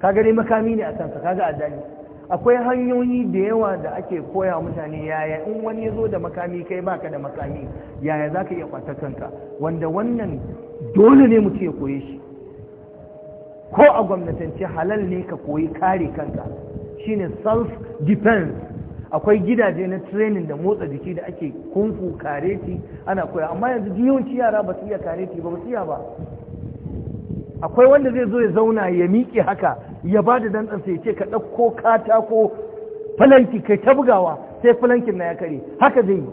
kaga dai makami ne a kansa kaga addani akwai hanyoyi da yawa da ake koya mutane yaya in wani ya zo da makami kai baka da makami yaya za ka iya kwatar kanka wanda wannan dole ne mutum ya koye shi ko a gwamnatance halal ne ka koyi kare kanka shine self defense akwai gidaje na training da motsa jiki da ake kunfu kareti ana koya amma yanzu yawanci yara ba su iya kareti ba ba su iya ba akwai wanda zai zo ya zauna ya miƙe haka ya ba da dantsan sai ce ka ɗauko katako falanki kai ta bugawa sai falankin na ya kare haka zai yi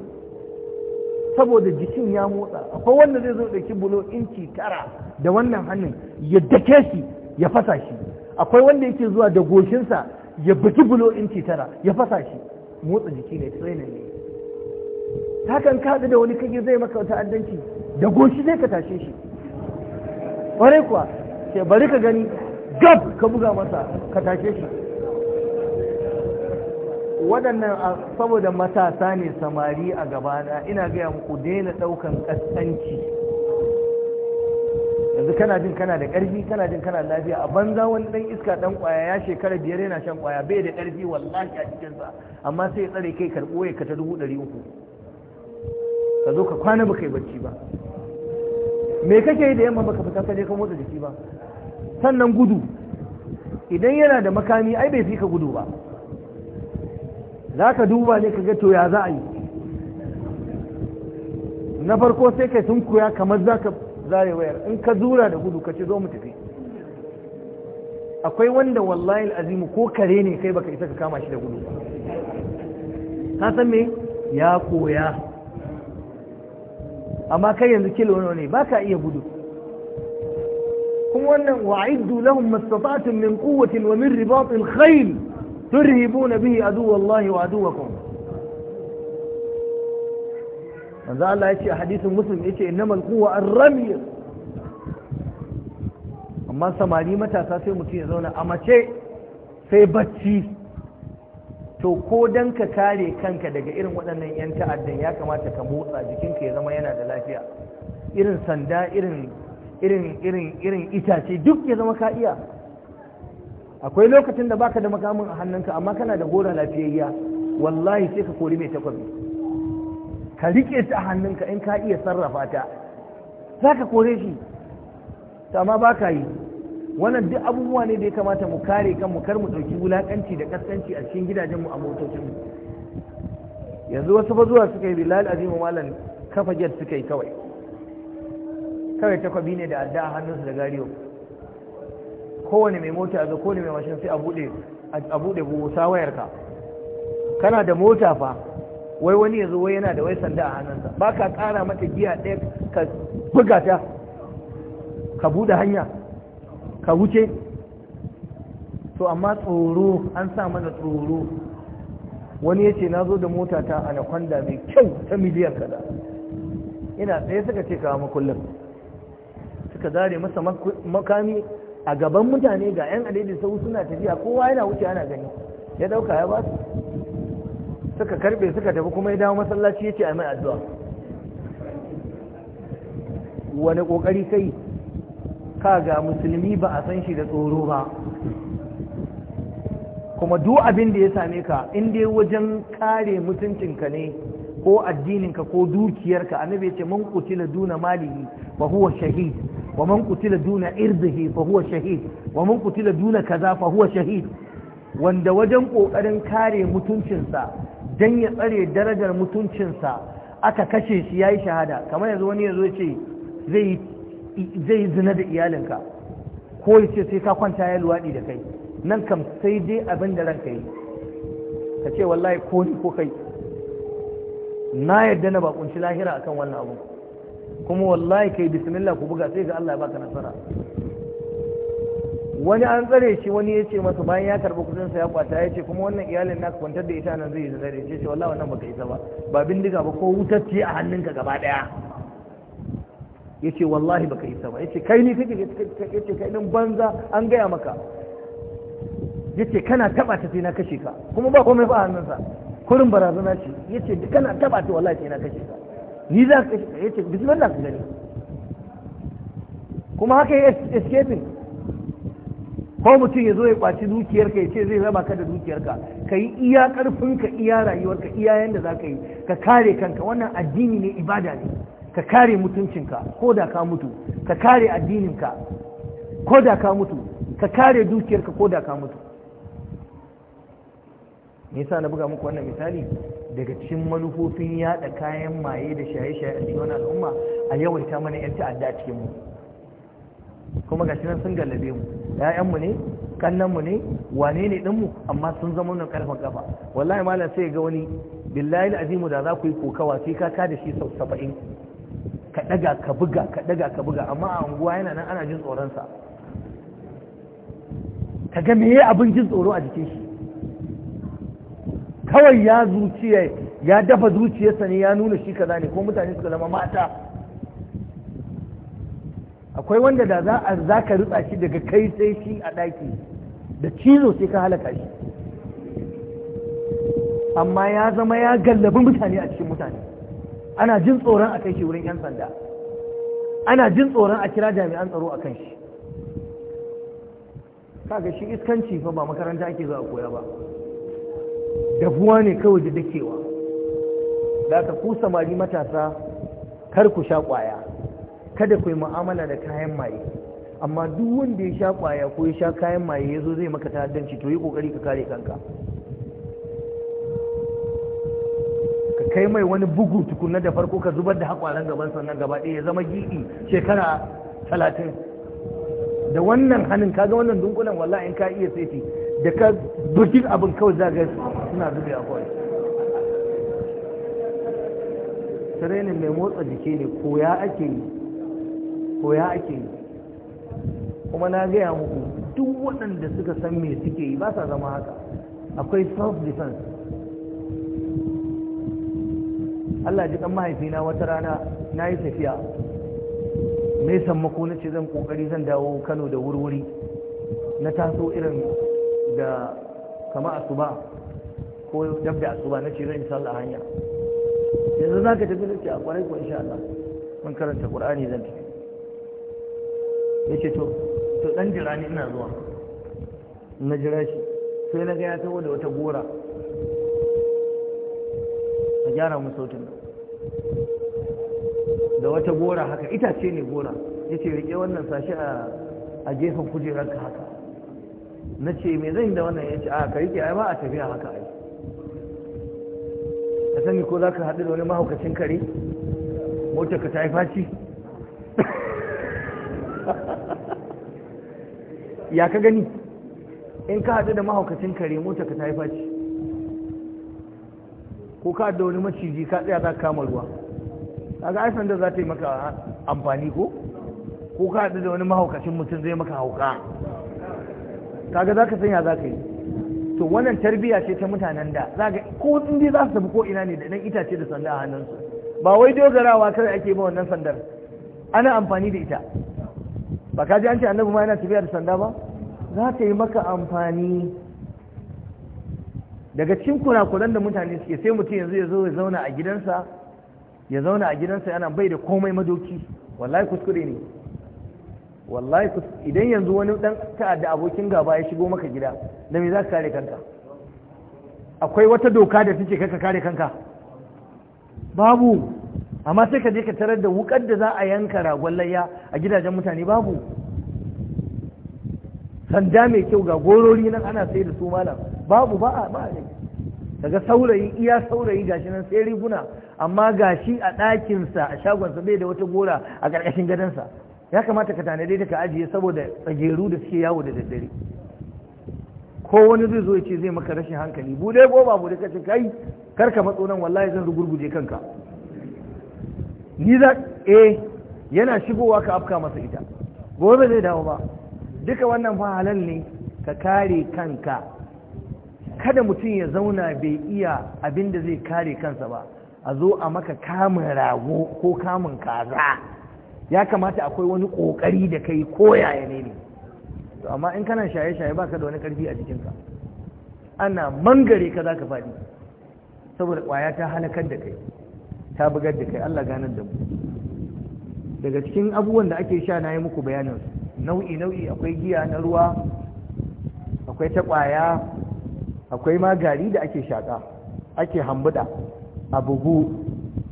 saboda jikin ya motsa akwai wanda zai zo ɗauki bulo inci tara da wannan hannun ya dake shi ya fasa shi akwai wanda yake zuwa da goshinsa ya buki bulo inci tara ya fasa shi motsa jiki ne training ne hakan kaɗu da wani kage zai maka wata addanci da goshi zai ka tashe shi ƙwarai kuwa sai bari ka gani gab ka buga masa ka tashe shi waɗannan saboda matasa ne samari a gabana ina gaya muku daina ɗaukan ƙasƙanci yanzu kana jin kana da ƙarfi kana jin kana lafiya a banza wani ɗan iska ɗan ƙwaya ya shekara biyar yana shan ƙwaya bai da ƙarfi wallahi a cikinsa amma sai ya tsare kai karɓo ya kata dubu ɗari uku ka zo ka kwana ba kai bacci ba me kake yi da yamma baka fita ka je ka motsa jiki ba sannan gudu idan yana da makami ai bai fi ka gudu ba za ka duba ne ka ga to ya za a yi na farko sai kai sun koya kamar zaka ka zare wayar in ka zura da gudu ka ce zo mu tafi akwai wanda wallahi azimu ko kare ne kai baka isa ka kama shi da gudu ka san me ya koya amma kai yanzu kilo ne ba ka iya gudu kuma wannan wa'iddu lahum mastata'tum min quwwatin wa min ribatil khayl turhibuna bihi aduwallahi wa aduwakum manzo Allah yace a hadisin muslim yace innamal quwwa ar-ramy amma samari matasa sai mutum ya zauna a mace sai bacci to ko dan ka kare kanka daga irin waɗannan 'yan ta'addan ya kamata ka motsa jikinka ya zama yana da lafiya irin sanda irin irin irin irin itace duk ya zama ka iya akwai lokacin da baka da makamin a hannunka amma kana da gora lafiyayya wallahi sai ka kori mai takwas. ka rike ta a hannunka in ka iya sarrafa ta za ka kore shi ma ba ka yi wannan duk abubuwa ne da ya kamata mu kare kan mu kar mu ɗauki wulaƙanci da ƙasƙanci a cikin gidajen mu a motocin yanzu wasu fa zuwa suka yi bilal azimu malam kafa jet suka yi kawai kawai takwabi ne da adda a hannunsu da gariyo kowane mai mota ga kowane mai mashin sai a buɗe busa wayarka kana da mota fa wai wani ya zo wai yana da wai sanda a hannunsa ba ka ƙara mata giya ɗaya ka buga ta ka buɗe hanya ka wuce to amma tsoro an sa mana tsoro wani ya ce na zo da mota ta anaconda mai kyau ta miliyan kaza ina tsaye suka ce kawo makullin suka zare masa makami a gaban mutane ga 'yan adadi sau suna tafiya kowa yana wuce ana gani ya dauka ya ba su suka karbe suka tafi kuma ya dawo masallaci ya ce a mai addu'a wani kokari kai ka ga musulmi ba a san shi da tsoro ba kuma duk abin da ya same ka in dai wajen kare mutuncinka ne ko addininka ko dukiyarka annabi ya ce mun kutila duna malihi wa huwa shahid wa man qutila duna irdihi fa huwa shahid wa man qutila duna kaza fa huwa shahid wanda wajen kokarin kare mutuncinsa don ya tsare darajar mutuncinsa aka kashe shi ya yi shahada kamar yanzu wani yanzu ya ce zai zai zina da iyalinka ko ya ce sai ka kwanta ya luwaɗi da kai nan kam sai dai abin da ranka yi ka ce wallahi ko ni ko kai na yarda na bakunci lahira akan wannan abu kuma wallahi kai bismillah ku buga sai ga Allah ya baka nasara wani an tsare shi wani ya ce masa bayan ya karɓi kudin sa ya kwata ya ce kuma wannan iyalin naka kwantar da ita nan zai yi zare ce ce wallahi wannan baka isa ba ba bindiga ba ko wutar ce a hannunka gaba daya ya ce wallahi baka isa ba ya ce kai ni kake ya ce kai din banza an gaya maka ya ce kana taɓa ta sai na kashe ka kuma ba komai ba a hannunsa kurin barazana ce ya ce kana taɓa ta wallahi sai na kashe ka ni za ka ya ce bismillah ka gani kuma haka ya escaping ko mutum ya zo ya kwaci dukiyarka ya ce zai raba ka da dukiyarka ka yi iya karfinka iya rayuwarka iya yanda za ka yi ka kare kanka wannan addini ne ibada ne ka kare mutuncinka ko da ka mutu ka kare addininka ko da ka mutu ka kare dukiyarka ko da ka mutu me yasa na buga muku wannan misali daga cikin manufofin yada kayan maye da shaye-shaye a cikin al'umma a yawaita mana yan ta'adda a cikin mu kuma gashi nan sun gallabe mu yayan mu ne kannan mu ne wane ne dinmu amma sun zama nan karfin kafa wallahi mallam sai ga wani billahi azimu da za ku yi kokawa sai ka ka da shi sau 70 ka daga ka buga ka daga ka buga amma a unguwa yana nan ana jin tsoron ka ga meye abin jin tsoro a jikin shi kawai ya zuciya ya dafa zuciyarsa ne ya nuna shi kaza ne ko mutane suka zama mata akwai wanda da za a za rutsa shi daga kai sai shi a ɗaki da cizo sai ka halaka shi amma ya zama ya gallabi mutane a cikin mutane ana jin tsoron a kai shi wurin 'yan sanda ana jin tsoron a kira jami'an tsaro a kan shi kaga shi iskanci fa ba makaranta ake zuwa koya ba dafuwa ne kawai da dakewa da ka ku samari matasa kar ku sha kwaya kada ku yi mu'amala da kayan maye amma duk wanda ya sha kwaya ko ya sha kayan maye ya zo zai maka ta'addanci to yi kokari ka kare kanka ka kai mai wani bugu tukunna da farko ka zubar da hakwaran gaban sannan gaba ɗaya ya zama gidi shekara talatin da wannan hannun kaga wannan dunkulen wallahi in ka iya saiti da ka abin kawai za ga suna zube a kawai training mai motsa jiki ne koya ake yi koya ake yi kuma na gaya muku duk waɗanda suka san me suke yi ba sa zama haka akwai self defense Allah ji ɗan mahaifina wata rana na yi tafiya me sammako na ce zan ƙoƙari zan dawo Kano da wurwuri na taso irin da kama asuba ko dab da asuba na cire zan yi hanya yanzu za ka tafi da ce a kwarai ko insha Allah mun karanta Qur'ani zan tafi yace to to dan jira ni ina zuwa na jira shi sai na ga ya taho da wata gora a gyara mu sautin da wata gora haka itace ne gora yace rike wannan sashi a a gefen kujerar ka haka na ce me zai da wannan ya ce a ka yi ke ma a tafiya haka ai A sani ko za ka haɗu da wani mahaukacin kare motar ka ta yi faci ya ka gani in ka haɗu da mahaukacin kare motar ka ta yi faci ko ka haɗu da wani maciji ka tsaya za ka kama ruwa A ga ai da za ta yi maka amfani ko ko ka haɗu da wani mahaukacin mutum zai maka hauka kaga zaka san ya zaka yi to wannan tarbiyya ce ta mutanen da zaka ko in za su tafi ko ina ne da dan itace da sanda a hannunsu ba wai dogarawa kar ake ba wannan sandar ana amfani da ita ba ka ji an ce annabi ma yana tafiya da sanda ba za ta yi maka amfani daga cikin kurakuran da mutane suke sai mutum yanzu ya zo ya zauna a gidansa ya zauna a gidansa yana bai da komai madoki wallahi kuskure ne wallahi idan yanzu wani dan ta'adda abokin gaba ya shigo maka gida da me za ka kare kanka akwai wata doka da take ka kare kanka babu amma sai ka je ka tarar da wukar da za a yanka ragon layya a gidajen mutane babu sanda mai kyau ga gorori nan ana sai da su malam babu ba a ba daga saurayi iya saurayi gashi nan sai riguna amma gashi a ɗakinsa a shagonsa bai da wata gora a ƙarƙashin gadonsa ya kamata ka tanade da ka ajiye saboda tsageru da suke yawo da daddare ko wani zai zo ya ce zai maka rashin hankali bude ko ba bude ka ce kai kar ka matso nan wallahi zan rugurguje kanka ni za E, yana shigowa ka afka masa ita gobe zai dawo ba duka wannan fa ne ka kare kanka kada mutum ya zauna bai iya abin da zai kare kansa ba a zo a maka kamun rago ko kamun kaza ya kamata akwai wani kokari da kai yaya ne ne to amma in kana shaye-shaye ba ka da wani karfi a jikinka ana mangare ka za ka faɗi saboda ƙwaya ta halakar da kai ta bugar da kai Allah ganar da mu daga cikin abubuwan da ake sha na yi muku bayanin nau'i nau'i akwai giya na ruwa akwai ta ƙwaya akwai ma gari da ake shaƙa ake hambuda a bugu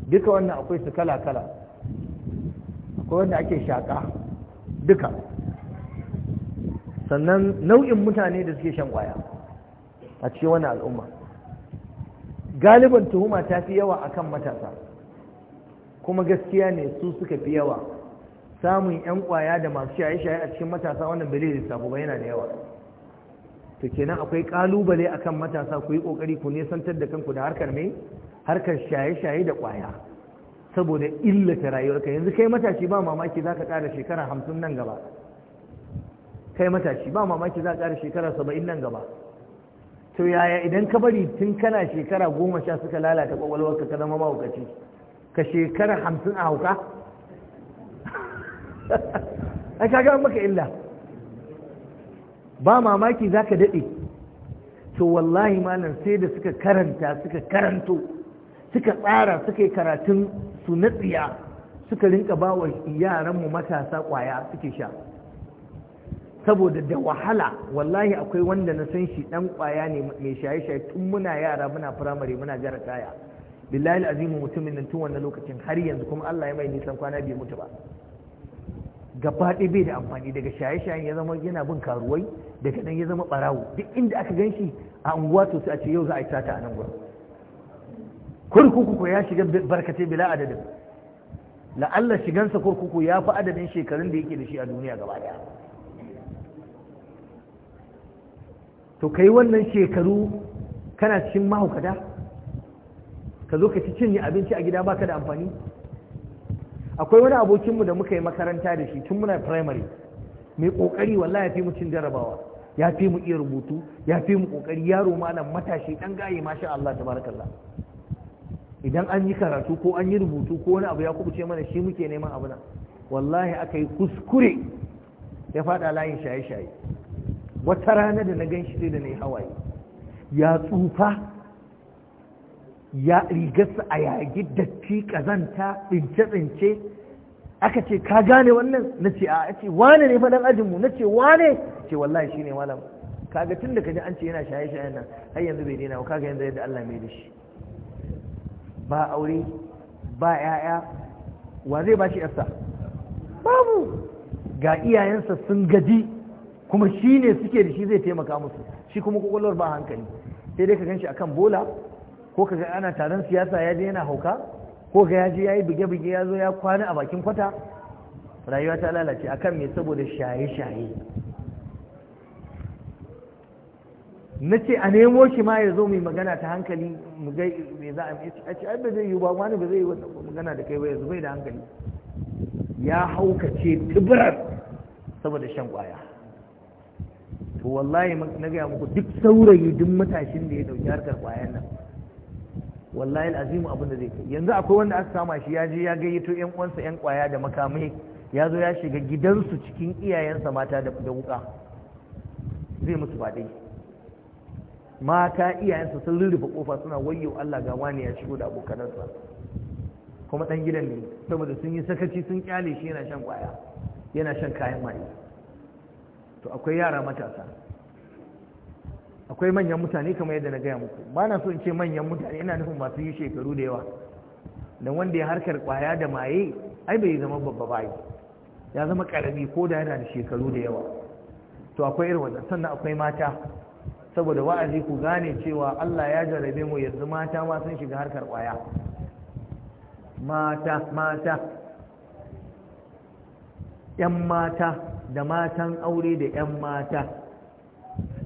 duka wannan akwai su kala-kala Ko wanda ake shaƙa duka sannan nau'in mutane da suke shan ƙwaya a cikin wani al'umma galiban tuhuma ta fi yawa a kan matasa kuma gaskiya ne su suka fi yawa samun 'yan ƙwaya da masu shaye-shaye a cikin matasa wannan bai lissafu ba yana da yawa to kenan akwai ƙalubale kan matasa ku yi ƙoƙari ku nesantar da kanku da harkar mai harkar shaye-shaye da ƙwaya saboda illata rayuwarka yanzu kai matashi ba mamaki za ka ƙara shekara hamsin nan gaba kai matashi ba mamaki za ka ƙara shekara saba'in nan gaba to yaya idan ka bari tun kana shekara goma sha suka lalata ƙwaƙwalwarka ka zama mahaukaci ka shekara hamsin a hauka ai kaga maka illa ba mamaki za ka daɗe to wallahi malam sai da suka karanta suka karanto suka tsara suka yi karatun su na tsiya suka rinka ba wa yaranmu matasa kwaya suke sha saboda da wahala wallahi akwai wanda na san shi dan kwaya ne mai shaye-shaye tun muna yara muna firamare muna jara kaya billahi azimu mutumin nan tun wannan lokacin har yanzu kuma Allah ya mai nisan kwana bai mutu ba gaba ɗaya bai da amfani daga shaye-shayen ya zama yana bin karuwai daga nan ya zama barawo duk inda aka gan shi a unguwa to sai a ce yau za a yi sata a nan gurin kurkuku ya shiga barkace bila adadin la'alla shigansa kurkuku ya fi adadin shekarun da yake da shi a duniya gaba daya to kai wannan shekaru kana cikin mahaukata ka zo ka ci cinye abinci a gida baka da amfani akwai wani abokinmu da muka yi makaranta da shi tun muna primary mai kokari wallahi ya fi mu cin jarabawa ya fi mu iya rubutu ya fi mu kokari yaro malam matashi dan gaye masha Allah tabarakallah idan an yi karatu ko an yi rubutu ko wani abu ya kubuce mana shi muke neman abu nan wallahi aka yi kuskure ya faɗa layin shaye-shaye wata rana da na gan shi da na yi hawaye ya tsufa ya rigarsa a yagi datti kazanta tsince-tsince aka ce ka gane wannan na ce a ce wane ne fadan ajinmu na ce wane ce wallahi shi ne malam kaga tun da kaji an ce yana shaye-shayen nan har yanzu bai daina ba kaga yanzu yadda Allah mai da shi ba aure ba ‘ya'ya wa zai ba shi ‘yarsa babu ga iyayensa sun gaji kuma shi ne suke da shi zai taimaka musu shi kuma kwakwalwar ba hankali sai dai ka gan shi akan bola ko ka ga ana taron siyasa ya je yana hauka ko ga ya je ya yi buge-buge ya zo ya kwana a bakin kwata rayuwa ta lalace akan me saboda shaye-shaye na ce a nemo shi ma ya zo mai magana ta hankali mu ga me za a yi a ce ai ba zai yi ba wani ba zai yi wannan magana da kai ba ya zubai da hankali ya haukace tibirar saboda shan kwaya to wallahi na gaya muku duk saurayi duk matashin da ya dauki harkar kwayan nan wallahi azimu abin da zai kai yanzu akwai wanda aka kama shi ya je ya gayyato yan uwansa yan kwaya da makamai ya zo ya shiga gidansu cikin iyayensa mata da wuka zai musu fadai mata iyayensa sun rurrufe kofa suna wayo Allah ga wani ya shigo da abokanansa kuma dan gidan ne saboda sun yi sakaci sun kyale shi yana shan kwaya yana shan kayan maye to akwai yara matasa akwai manyan mutane kamar yadda na gaya muku ba na so in ce manyan mutane ina nufin masu yi shekaru da yawa dan wanda ya harkar kwaya da maye ai bai zama babba bai ya zama karami ko da yana da shekaru da yawa to akwai irin wannan sannan akwai mata saboda wa'azi ku gane cewa Allah ya jarabe mu yanzu mata ma sun shiga harkar ƙwaya mata mata ‘yan mata da matan aure da ‘yan mata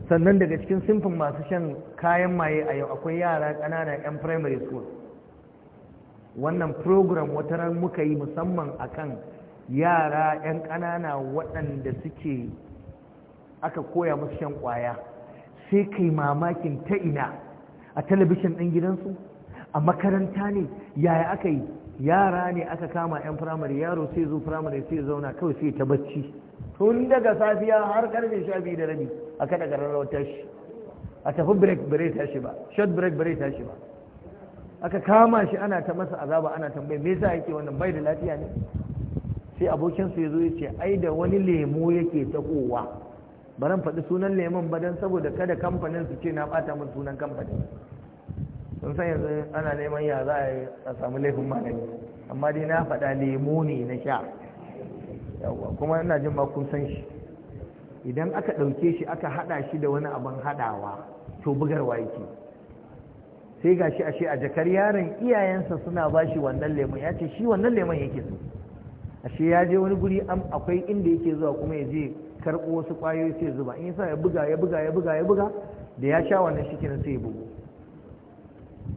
sannan daga cikin simfin masu shan kayan maye a yau akwai yara ƙanana ‘yan primary school wannan program wata ran muka yi musamman akan yara ‘yan ƙanana waɗanda suke aka koya musu shan ƙwaya sai kai mamakin ta ina a talabishin ɗin gidansu a makaranta ne yaya aka yi yara ne aka kama 'yan firamare yaro sai zo firamare sai zauna kawai sai ta bacci tun daga safiya har karfe sha biyu da rabi a kada ƙararrawar tashi a tafi break bare tashi ba short break bare tashi ba aka kama shi ana ta masa azaba ana tambaye me yasa yake wannan bai da lafiya ne sai abokinsu ya zo ya ce ai da wani lemo yake takowa baran faɗi sunan lemon ba don saboda kada kamfanin su ce na ɓata mun sunan kamfanin sun san yanzu ana neman ya za a samu laifin magani amma dai na faɗa lemo ne na sha yawwa kuma ina jin ba kun san shi idan aka ɗauke shi aka haɗa shi da wani abin haɗawa to bugarwa yake sai ga shi ashe a jakar yaron iyayensa suna ba shi wannan lemon ya ce shi wannan lemon yake so ashe ya je wani guri akwai inda yake zuwa kuma ya je karɓo wasu ƙwayoyi sai zuba in sa ya buga ya buga ya buga ya buga da ya sha wannan shi kenan sai ya bugu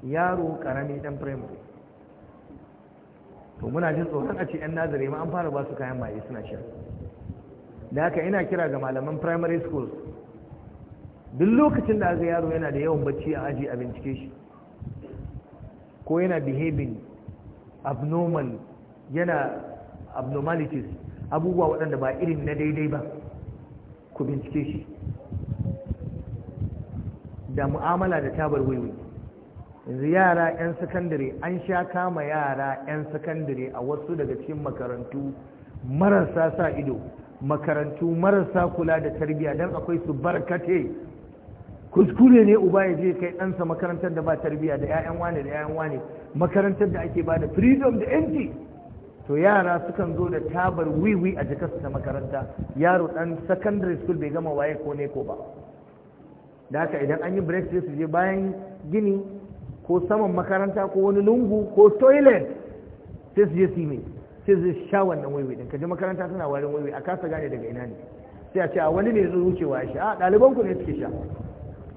yaro karami dan primary to muna jin tsoron a ce yan nazare ma an fara ba su kayan maye suna sha da haka ina kira ga malaman primary school duk lokacin da aka yaro yana da yawan bacci a aji a bincike shi ko yana behaving abnormal yana abnormalities abubuwa waɗanda ba irin na daidai ba ku bincike shi da mu'amala da tabar wiwi yanzu yara 'yan sakandare an sha kama yara 'yan sakandare a wasu daga cikin makarantu marasa sa ido makarantu marasa kula da tarbiyya don akwai su barkate kuskure ne uba ya je kai ɗansa makarantar da ba tarbiyya da 'ya'yan wane da 'ya'yan wane makarantar da ake ba da freedom da 'yanci to yara sukan zo da tabar wiwi a jikarsu ta makaranta yaro dan secondary school bai gama waye ko ne ko ba da haka idan an yi break sai su je bayan gini ko saman makaranta ko wani lungu ko toilet sai su je su yi sai su sha wannan wiwi din kaje makaranta tana warin wiwi a kasa gane daga ina ne sai a ce a wani ne zai wucewa ya sha a ɗaliban ne suke sha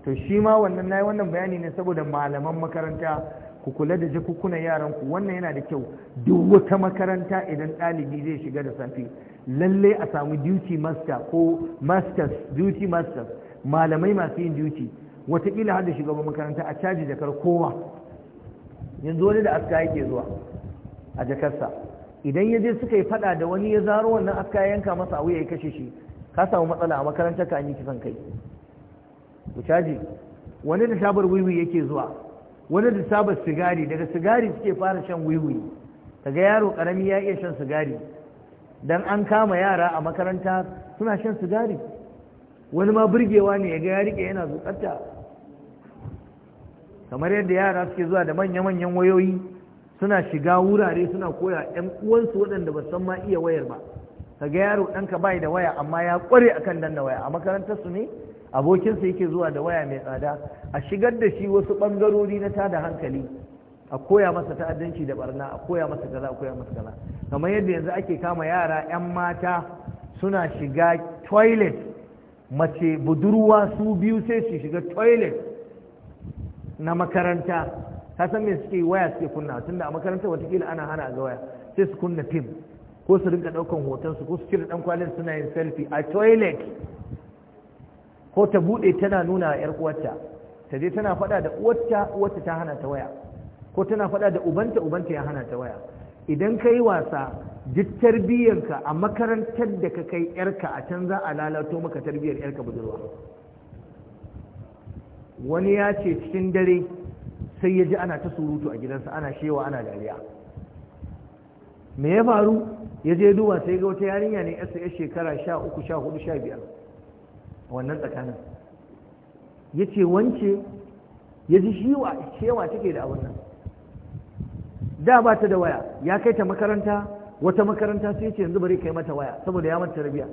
to shi ma wannan nayi wannan bayani ne saboda malaman makaranta ku kula da jakukunan yaran ku wannan yana da kyau duk wata makaranta idan ɗalibi zai shiga da safe Lallai a samu duty master ko masters duty masters malamai masu yin duty wataƙila har da shugaban makaranta a caji jakar kowa yanzu wani da aska yake zuwa a jakarsa idan ya je suka yi fada da wani ya zaro wannan aska ya yanka masa a wuya ya kashe shi ka samu matsala a makarantar ka an yi kisan kai ku caji wani da shabar wiwi yake zuwa wani da saba sigari daga sigari suke fara shan wiwi daga yaro karami ya iya shan sigari dan an kama yara a makaranta suna shan sigari wani ma burgewa ne ya ga ya rike yana zukarta kamar yadda yara suke zuwa da manya-manyan wayoyi suna shiga wurare suna koya 'yan uwansu waɗanda ba san ma iya wayar ba kaga yaro ɗanka bai da waya amma ya ƙware akan danna waya a makarantarsu ne abokinsa yake zuwa da waya mai tsada a shigar da shi wasu bangarori na tada hankali a koya masa ta'addanci da barna a koya masa kaza a koya masa kaza kamar yadda yanzu ake kama yara 'yan mata suna shiga toilet mace budurwa su biyu sai su shiga toilet na makaranta ka san me suke waya suke kunna tunda a makaranta watakila ana hana ga waya sai su kunna fim ko su rinka daukan hoton su ko su cire dan kwalin suna yin selfie a toilet ko ta bude tana nuna ‘yar uwarta ta je tana faɗa da uwarta uwarta ta hana ta waya ko tana faɗa da ubanta ubanta ya hana ta waya idan ka yi wasa duk tarbiyyanka a makarantar da ka kai ‘yarka a can za a lalato maka tarbiyyar ‘yarka budurwa wani ya ce cikin dare sai ya ji ana ta surutu a gidansa ana shewa ana dariya me ya faru ya je duba sai ga wata yarinya ne yasa ya shekara sha uku sha hudu sha biyar wannan tsakanin ya ce wance ya ji shiwa cewa take da abin nan da ba ta da waya ya kai ta makaranta wata makaranta sai ce yanzu bari kai mata waya saboda ya mata rabiya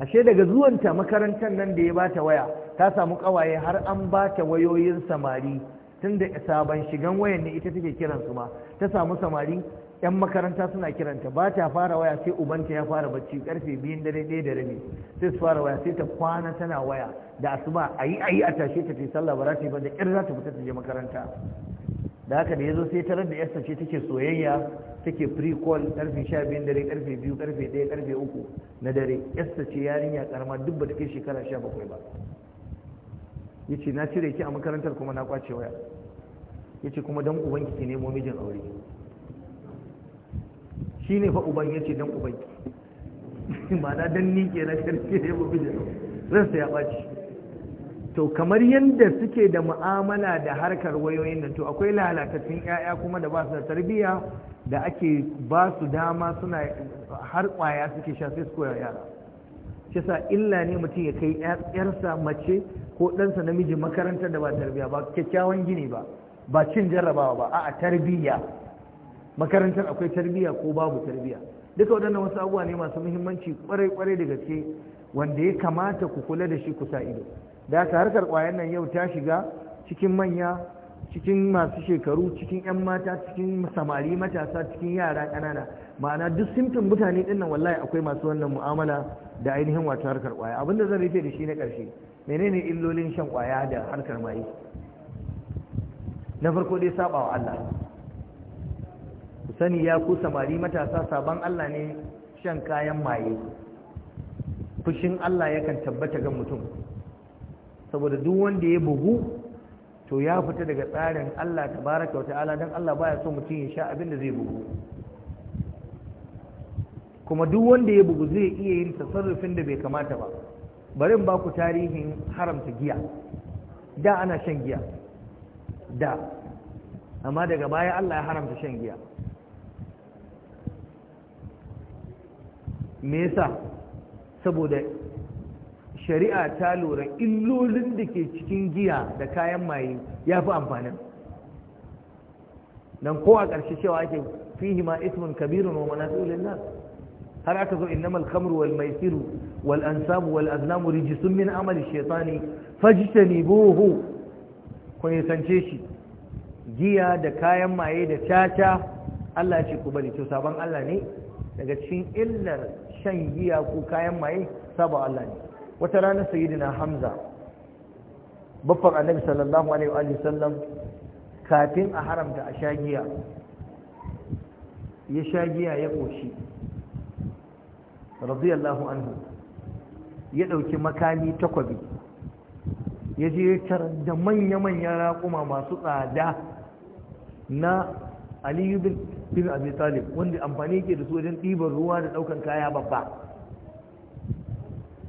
ashe daga zuwanta makarantar nan da ya ba ta waya ta samu kawaye har an ba ta wayoyin samari tun da sabon shigan wayan ne ita take kiran su ma ta samu samari yan makaranta suna kiranta ba ta fara waya sai ubanta ya fara bacci karfe biyun dare ɗaya da rabi sai su fara waya sai ta kwana tana waya da asuba a yi a yi a tashe ta yi sallah ba za ta yi ba da ƙyar za ta fita ta je makaranta da haka da ya zo sai tarar da yasta ce take soyayya take free call karfe sha biyun dare karfe biyu karfe ɗaya karfe uku na dare yasta ce yarinya karama duk ba ta kai shekara sha bakwai ba ya ce na cire ki a makarantar kuma na kwace waya ya ce kuma don ubanki ki nemo mijin aure shi ne fa uban ya ce dan uban na dan ni ke na karfe ne ba bijin ransa ya ɓaci to kamar yadda suke da mu'amala da harkar wayoyin nan to akwai lalatattun 'ya'ya kuma da ba su da tarbiyya da ake ba su dama suna har kwaya suke sha sai su koya yara shi sa illa ne mutum ya kai yarsa mace ko ɗansa namiji makarantar da ba tarbiyya ba kyakkyawan gini ba ba cin jarrabawa ba a'a tarbiyya makarantar akwai tarbiyya ko babu tarbiyya duka waɗannan wasu abubuwa ne masu muhimmanci kwarai kwarai da gaske wanda ya kamata ku kula da shi sa ido da harkar ƙwayan nan yau ta shiga cikin manya cikin masu shekaru cikin 'yan mata cikin samari matasa cikin yara ƙanana ma'ana duk simtin mutane ɗin nan wallahi akwai masu wannan mu'amala da ainihin wato harkar ƙwaya abinda zan rufe da shi na ƙarshe menene illolin shan ƙwaya da harkar maye na farko dai saɓa wa Allah ku sani ya ku samari matasa sabon Allah ne shan kayan maye fushin Allah yakan tabbata ga mutum saboda duk wanda ya bugu to ya fita daga tsarin Allah tabaraka wa ta'ala dan Allah baya so mutum ya sha abin da zai bugu kuma duk wanda ya bugu zai iya yin tasarrufin da bai kamata ba bari in baku tarihin haramta giya da ana shan giya da amma daga baya Allah ya haramta shan giya me yasa saboda shari'a ta lura illolin da ke cikin giya da kayan maye ya fi amfanin nan ko a ƙarshe cewa ake fihi ma ismun kabirun wa manasulun nan har aka zo innamal khamru wal maisiru wal ansabu wal aznamu rijisun min amali shaitani fajtanibuhu ku nisance shi giya da kayan maye da caca Allah ya ce ku bari to sabon Allah ne daga cikin illar shan giya ko kayan maye saba Allah ne wata rana sayyidina Hamza babban annabi sallallahu alaihi wa sallam kafin a haramta a sha giya ya sha giya ya koshi radiyallahu anhu ya dauki makami takwabi ya je da manya-manyan raƙuma masu tsada na aliyu bin abi talib wanda amfani yake da su wajen ɗiban ruwa da ɗaukan kaya babba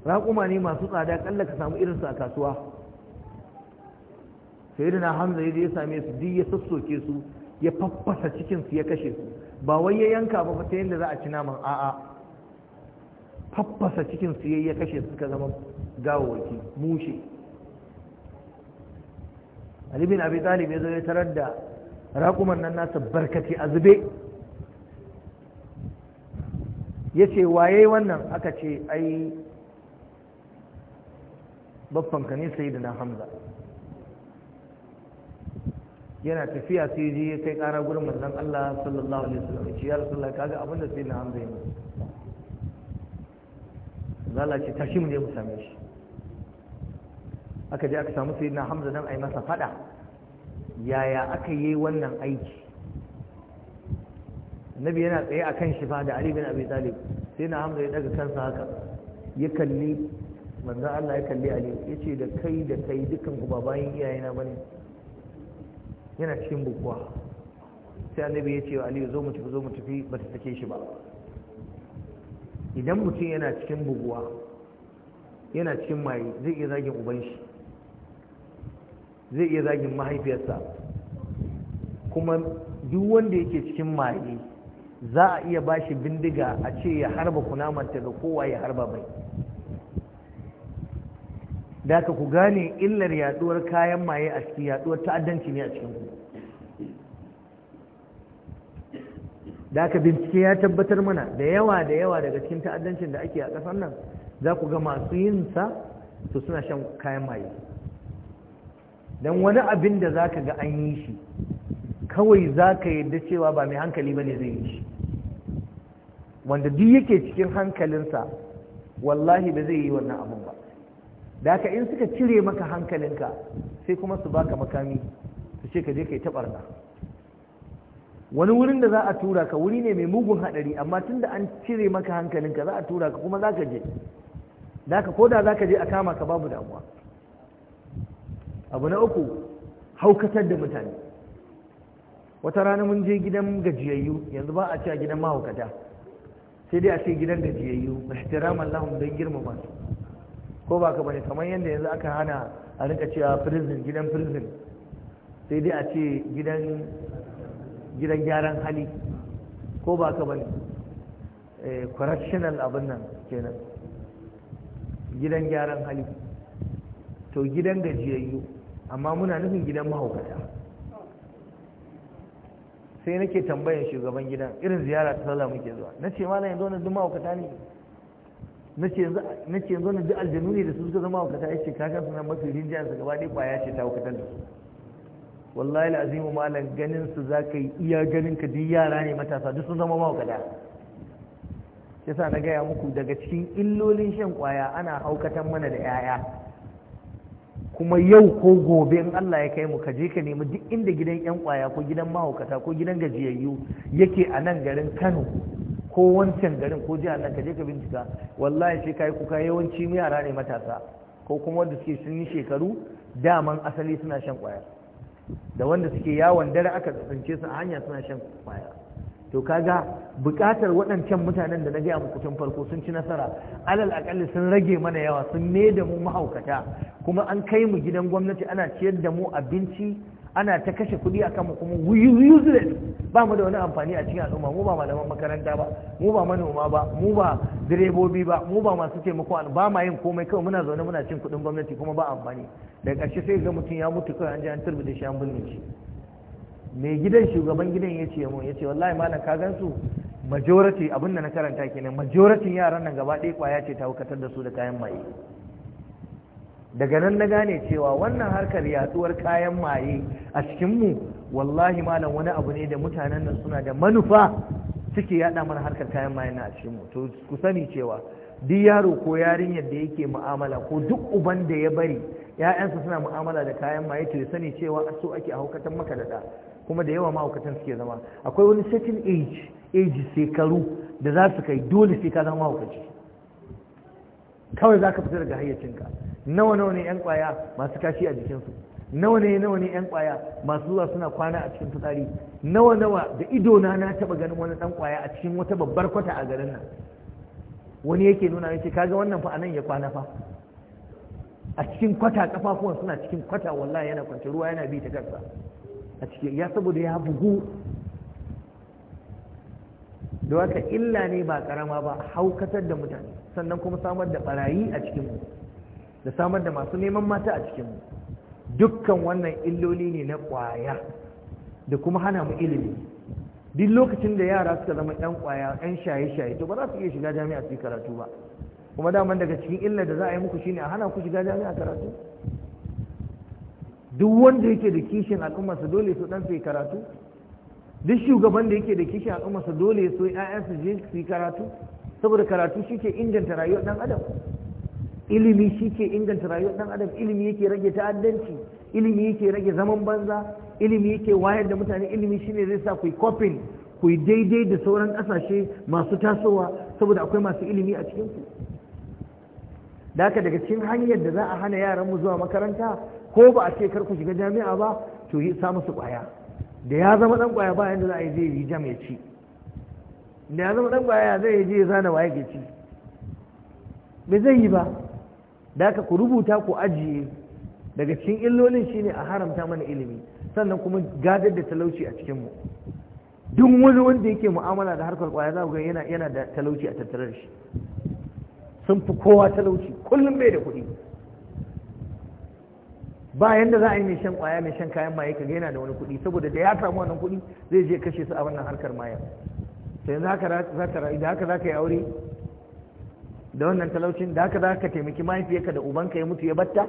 raƙuma ne masu tsada ƙalla ka samu irinsu a kasuwa sai na hamza ya ya same su duk ya sassoke su ya faffasa cikinsu ya kashe su ba wai ya yanka ba ta yadda za a ci naman a'a faffasa cikinsu ya ya kashe suka zama gawawaki mushe Ali bin Abi Talib ya zo ya tarar da raƙuman nan nasa barkaci a zube ya ce waye wannan aka ce ai babbanka ne sai da na hamza yana tafiya sai ji ya kai ƙara gurin manzon Allah sallallahu alaihi wasallam ce ya rasulullah kaga abinda sai na hamza yana zala ce tashi mu ne mu same shi aka je aka samu sai na hamza dan ai masa fada yaya aka yi wannan aiki annabi yana tsaye a kan shifa da ali bin abi talib sai na hamza ya daga kansa haka ya kalli manzan allah ya kalli ali ya ce da kai da kai dukan ku ba bayan iyayena bane yana cikin bukuwa sai annabi ya ce wa ali zo mu tafi zo mu tafi ba ta take shi ba idan mutum yana cikin buguwa yana cikin maye zai iya zagin uban shi zai iya zagin mahaifiyarsa kuma duk wanda yake cikin maye za a iya bashi bindiga a ce ya harba kunamanta ga kowa ya harba bai da ka ku gane illar yaduwar kayan maye a cikin yaduwar ta'addanci ne a cikin ku da ka bincike ya tabbatar mana da yawa da yawa daga cikin ta'addancin da ake a ƙasar nan za ku ga masu yin sa to suna shan kayan maye don wani abin da za ka ga an yi shi kawai za ka yadda cewa ba mai hankali ba ne zai yi shi wanda duk yake cikin hankalinsa wallahi ba zai yi wannan abin ba da haka in suka cire maka hankalinka sai kuma su baka makami su ce ka je ka yi taɓarna wani wurin da za a tura ka wuri ne mai mugun haɗari amma tun da an cire maka hankalinka za a tura ka kuma za ka je da haka ko da za ka je a kama ka babu damuwa abu na uku haukatar da mutane wata rana mun je gidan gajiyayyu yanzu ba a cewa a gidan mahaukata sai dai a ce gidan gajiyayyu ihtiraman lahum don girmama su ko ba ka bane kamar yadda yanzu aka hana a rinka cewa prison gidan prison sai dai a ce gidan gidan gyaran hali ko ba ka bane eh, correctional abin nan kenan gidan gyaran hali to gidan gajiyayyu amma muna nufin gidan mahaukata sai nake tambayan shugaban gidan irin ziyara ta sallah muke zuwa ce malam yanzu wannan duk mahaukata ne na ce yanzu wannan duk aljanu ne da su suka zama mahaukata ya ce kakan suna mafi rinjiyar su gaba ɗaya kwaya ce ta hukatar da su wallahi azimu malam ganin su ka yi iya ganin ka duk yara ne matasa duk sun zama mahaukata yasa na gaya muku daga cikin illolin shan kwaya ana haukatan mana da 'ya'ya kuma yau ko gobe in Allah ya kai mu ka je ka nemi duk inda gidan yan kwaya ko gidan mahaukata ko gidan gajiyayyu yake a nan garin Kano ko wancan garin ko jihar nan ka je ka bincika wallahi sai kai kuka yawanci yara ne matasa ko kuma wanda suke sun yi shekaru daman asali suna shan kwaya da wanda suke yawon dare aka tsince su a hanya suna shan kwaya to kaga bukatar waɗancan mutanen da na gaya muku tun farko sun ci nasara alal akalli sun rage mana yawa sun ne da mu mahaukata kuma an kai mu gidan gwamnati ana ciyar da mu abinci ana ta kashe kuɗi akan mu kuma useless ba mu da wani amfani a cikin al'umma mu ba malaman makaranta ba mu ba manoma ba mu ba direbobi ba mu ba masu taimako ba ma yin komai kawai muna zaune muna cin kuɗin gwamnati kuma ba amfani daga ƙarshe sai ga mutum ya mutu kawai an ji an turbi da shi an bulmi mai gidan shugaban gidan ya ce mun ya ce wallahi malam ka gan su majority abin da na karanta kenan majority yaran nan gaba ɗaya kwaya ce ta haukatar da su da kayan maye daga nan na gane cewa wannan harkar yaduwar kayan maye a cikinmu wallahi malam wani abu ne da mutanen nan suna da manufa suke yada mana harkar kayan maye na a mu. to ku sani cewa duk yaro ko yarinyar da yake mu'amala ko duk uban da ya bari ya'yansa suna mu'amala da kayan maye to ya sani cewa so ake haukatar maka da kuma da yawa ma'aukatan suke zama akwai wani certain age age shekaru da za su kai dole sai ka zama ma'aukaci kawai za ka fita daga hayyacinka nawa nawa ne 'yan kwaya masu kashi a jikinsu nawa ne nawa ne 'yan kwaya masu zuwa suna kwana a cikin fitsari nawa nawa da ido na na taba ganin wani dan kwaya a cikin wata babbar kwata a garin nan wani yake nuna yake ce kaga wannan fa anan ya kwana fa a cikin kwata kafafuwan suna cikin kwata wallahi yana kwance ruwa yana bi ta kansa a cikin ya saboda ya bugu da waka illa ne ba karama ba haukatar da mutane sannan kuma samar da barayi a cikinmu da samar da masu neman mata a cikinmu dukkan wannan illoli ne na kwaya da kuma hana mu ilimi duk lokacin da yara suka zama yan kwaya yan shaye-shaye to ba za su iya shiga jami'a su karatu ba kuma daman daga cikin illar da za a yi muku shine a hana ku shiga jami'a karatu duk wanda yake da kishin al'ummarsa dole su dan sai karatu duk shugaban da yake da kishin al'ummarsa dole yi so su je su yi karatu saboda karatu shi ke inganta rayuwar ɗan adam ilimi shi ke inganta rayuwar ɗan adam ilimi yake rage ta'addanci ilimi yake rage zaman banza ilimi yake wayar da mutane ilimi shine zai sa ku yi coping ku yi daidai da sauran kasashe masu tasowa saboda akwai masu ilimi a cikinku da haka daga cikin hanyar da za a hana yaranmu zuwa makaranta ko ba a ce kar ku shiga jami'a ba to yi sa musu kwaya da ya zama dan kwaya ba yanda za a yi zai yi jam ya ci da ya zama dan kwaya zai yi je ya zana waye ke ci Me zai yi ba da ka ku rubuta ku ajiye daga cikin illolin shine a haramta mana ilimi sannan kuma gadar da talauci a cikin mu duk wani wanda yake mu'amala da harkar kwaya za ku ga yana yana da talauci a tattare da shi sun fi kowa talauci kullum bai da kuɗi ba yanda za a yi mai shan kwaya mai shan kayan maye kaga yana da wani kuɗi saboda da ya samu wannan kuɗi zai je kashe su a wannan harkar maya Sai yanzu za ka da haka za ka yi aure da wannan talaucin da haka za ka taimaki mahaifiyarka da ubanka ya mutu ya batta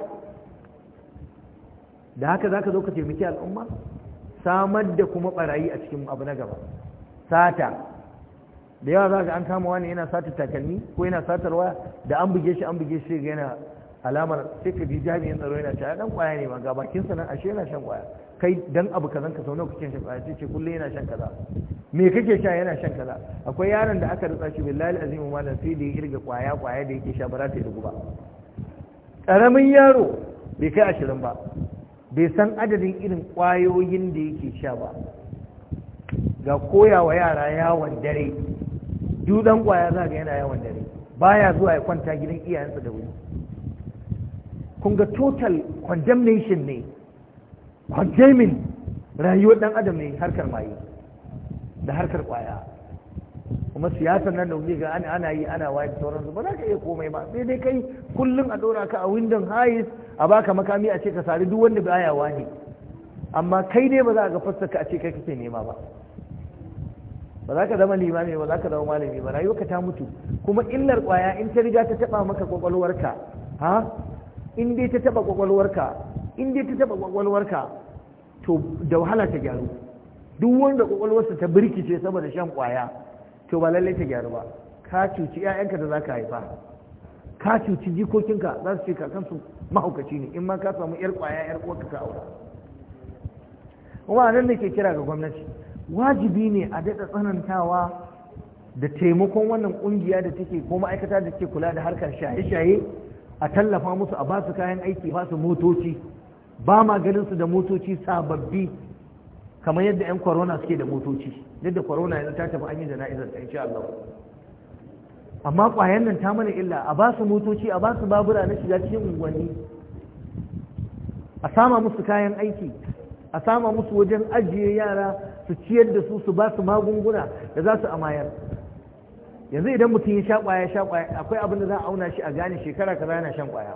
da haka za ka zo ka taimaki al'umma samar da kuma barayi a cikin abu na gaba sata da yawa za ka an kama wani yana sata takalmi ko yana satar waya da an buge shi an buge shi yana alamar sai ka ji jami'in tsaro yana cewa dan kwaya ne ma ga bakin sa nan ashe yana shan kwaya kai dan abu kazan ka sau nawa kake shan kwaya sai ce kullum yana shan kaza me kake sha yana shan kaza akwai yaron da aka rutsa shi billahi azimu malam sai da ya kirga kwaya kwaya da yake sha ba za ta ba karamin yaro bai kai ashirin ba bai san adadin irin kwayoyin da yake sha ba ga koyawa yara yawon dare dudan kwaya za ga yana yawon dare baya zuwa ya kwanta gidan iyayensa da wuri kun ga total condemnation ne condemning rayuwar dan adam ne harkar maye da harkar kwaya kuma siyasar nan da wuce ga ana ana yi ana wayar sauransu ba za ka iya komai ba sai dai kai kullum a dora ka a windon hais a baka makami a ce ka sari duk wanda baya wani amma kai dai ba za ka fassa ka a ce kai kake nema ba ba za ka zama limami ba za ka zama malami ba rayuwarka ta mutu kuma illar kwaya in ta riga ta taba maka kwakwalwarka ha in dai ta taba kwakwalwarka in dai ta taba kwakwalwarka to da wahala ta gyaru duk wanda kwakwalwarsa ta birkice saboda shan kwaya to ba lallai ta gyaru ba ka cuci 'ya'yanka da za haifa ka cuci jikokinka za su ce kakansu mahaukaci ne in ma ka samu 'yar kwaya 'yar uwarka ka aura kuma nan da ke kira ga gwamnati wajibi ne a daɗa tsanantawa da taimakon wannan ƙungiya da take ko ma'aikata da ke kula da harkar shaye-shaye a tallafa musu a basu kayan aiki basu motoci ba ma ganin su da motoci sababbi kamar yadda 'yan corona suke da motoci yadda corona yanzu ta tafi an yi jana'izar ta insha Allah amma ƙwayan nan ta mana illa a basu motoci a basu babura na shiga cikin unguwanni a sama musu kayan aiki a sama musu wajen ajiye yara su ciyar da su su ba su magunguna da za su amayar yanzu idan mutum ya sha kwaya sha kwaya akwai abin da za a auna shi a gane shekara kaza yana shan kwaya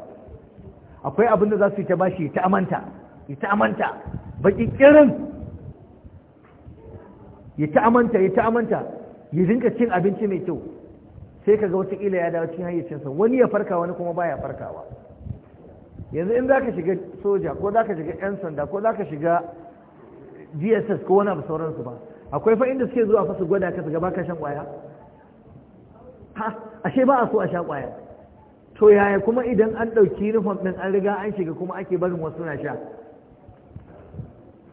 akwai abin da za su yi ta bashi ta amanta ya ta amanta baki kirin ya ta amanta ya ta amanta ya rinka cin abinci mai kyau sai kaga wata ila ya dawo cikin hayyacinsa wani ya farka wani kuma baya farkawa yanzu in za ka shiga soja ko za ka shiga 'yan sanda ko za ka shiga dss ko wani abu sauransu ba akwai fa inda suke zuwa fa su gwada ka su gaba ka shan kwaya ha ashe ba a so a sha ƙwaya to yaya kuma idan an ɗauki rufon ɗin an riga an shiga kuma ake barin wasu na sha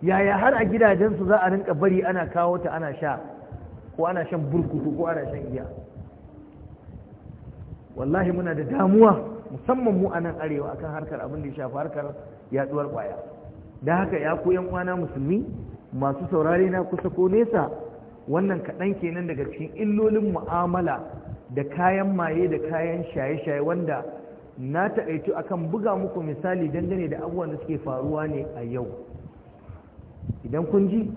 yaya har a gidajensu za a rinka bari ana kawo ta ana sha ko ana shan burkutu ko ana shan giya wallahi muna da damuwa musamman mu a nan arewa akan harkar abin da ya shafi harkar yaduwar ƙwaya. da haka ya ku yan uwana musulmi masu saurare na kusa ko nesa wannan kaɗan kenan daga cikin illolin mu'amala da kayan maye da kayan shaye-shaye wanda na taƙaitu akan buga muku misali dangane da abubuwan da suke faruwa ne a yau idan kun ji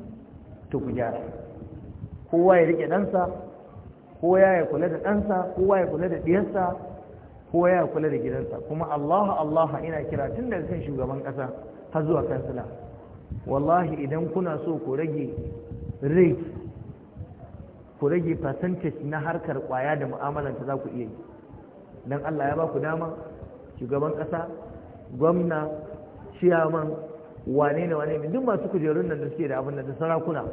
to ku gyara kowa ya riƙe ɗansa kowa ya kula da ɗansa kowa ya kula da ɗiyarsa kowa ya kula da gidansa kuma Allah allahu ina kira tun daga kan shugaban ƙasa har zuwa kansila wallahi idan kuna so ku rage rage ku rage percentage na harkar kwaya da mu'amalanta za ku iya yi don Allah ya ba ku dama shugaban ƙasa gwamna ciyaman wane ne wane ne duk masu kujerun nan da suke da abin da sarakuna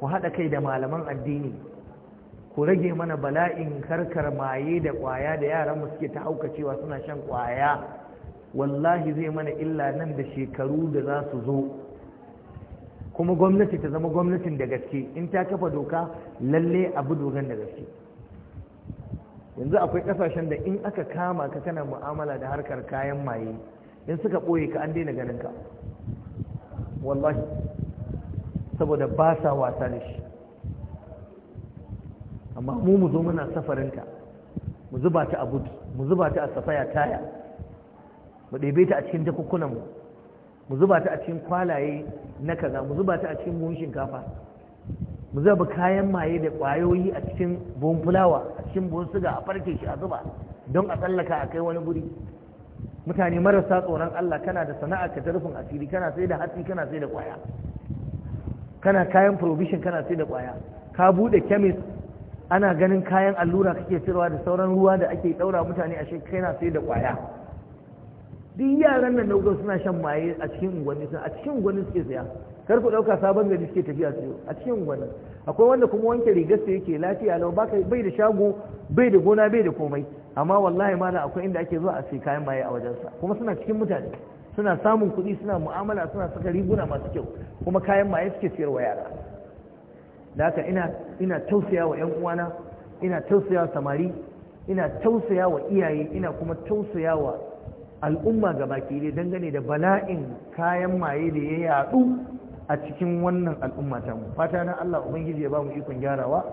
ku haɗa kai da malaman addini ku rage mana bala'in karkar maye da ƙwaya da yaran mu suke ta cewa suna shan ƙwaya wallahi zai mana illa nan da shekaru da za su zo kuma gwamnati ta zama gwamnatin da gaske in ta kafa doka lalle abu dogon da gaske yanzu akwai kasashen da in aka kama ka kana mu'amala da harkar kayan maye in suka ɓoye ka an daina ganin ka wallahi saboda ba sa wasa da shi amma mu mu zo muna ka mu zuba ta a bud mu zuba ta a safaya taya mu ɗebe ta a cikin mu. mu zuba ta a cikin kwalaye na kaza mu zuba ta a cikin buhun shinkafa mu zuba kayan maye da kwayoyi a cikin buhun fulawa a cikin buhun suga a farke shi a zuba don a tsallaka a kai wani guri mutane marasa tsoron Allah kana da sana'a ka ta rufin asiri kana sai da hatsi kana sai da kwaya kana kayan provision kana sai da kwaya ka bude chemist ana ganin kayan allura kake cirewa da sauran ruwa da ake daura mutane a kai na sai da kwaya duk yaran nan na suna shan maye a cikin unguwanni a cikin unguwanni suke saya kar ku ɗauka sabon gari suke tafiya su a cikin unguwanni akwai wanda kuma wanke rigar su yake lafiya lau baka bai da shago bai da gona bai da komai amma wallahi mana akwai inda ake zuwa a sai kayan maye a wajensa kuma suna cikin mutane suna samun kuɗi suna mu'amala suna saka riguna masu kyau kuma kayan maye suke siyarwa yara da haka ina ina tausaya wa ƴan uwana ina tausaya wa samari ina tausaya wa iyaye ina kuma tausaya wa al'umma gabaki dai dangane da bala'in kayan maye da ya yadu a cikin wannan al'umma ta mu fata na Allah ubangiji ya ba mu ikon gyarawa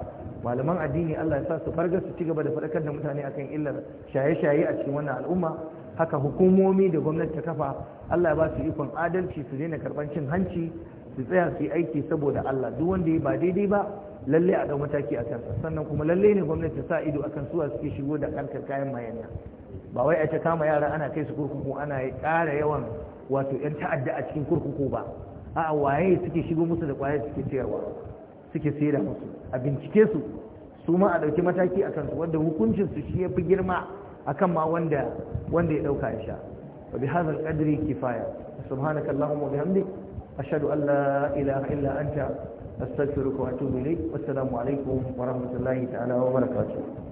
malaman addini Allah ya sa su farga su ci gaba da faɗakar da mutane akan illar shaye-shaye a cikin wannan al'umma haka hukumomi da gwamnati ta kafa Allah ya ba su ikon adalci su daina karban cin hanci su tsaya su yi aiki saboda Allah duk wanda ya ba daidai ba lalle a ɗau mataki a kansa sannan kuma lalle ne gwamnati ta sa ido akan suwa suke shigo da karkar kayan mayan ba wai a ta kama yara ana kai su kurkuku ana ƙara yawan wato 'yan ta'adda a cikin kurkuku ba a waye suke shigo musu da kwayar suke sayarwa suke sayar musu a bincike su su ma a ɗauki mataki a kansu wanda hukuncin su shi ya fi girma akan ma wanda wanda ya ɗauka ya sha wa bi hadha al kifaya subhanaka allahumma wa bihamdik ashhadu an la ilaha illa anta astaghfiruka wa atubu ilayk wassalamu alaikum wa rahmatullahi ta'ala wa barakatuh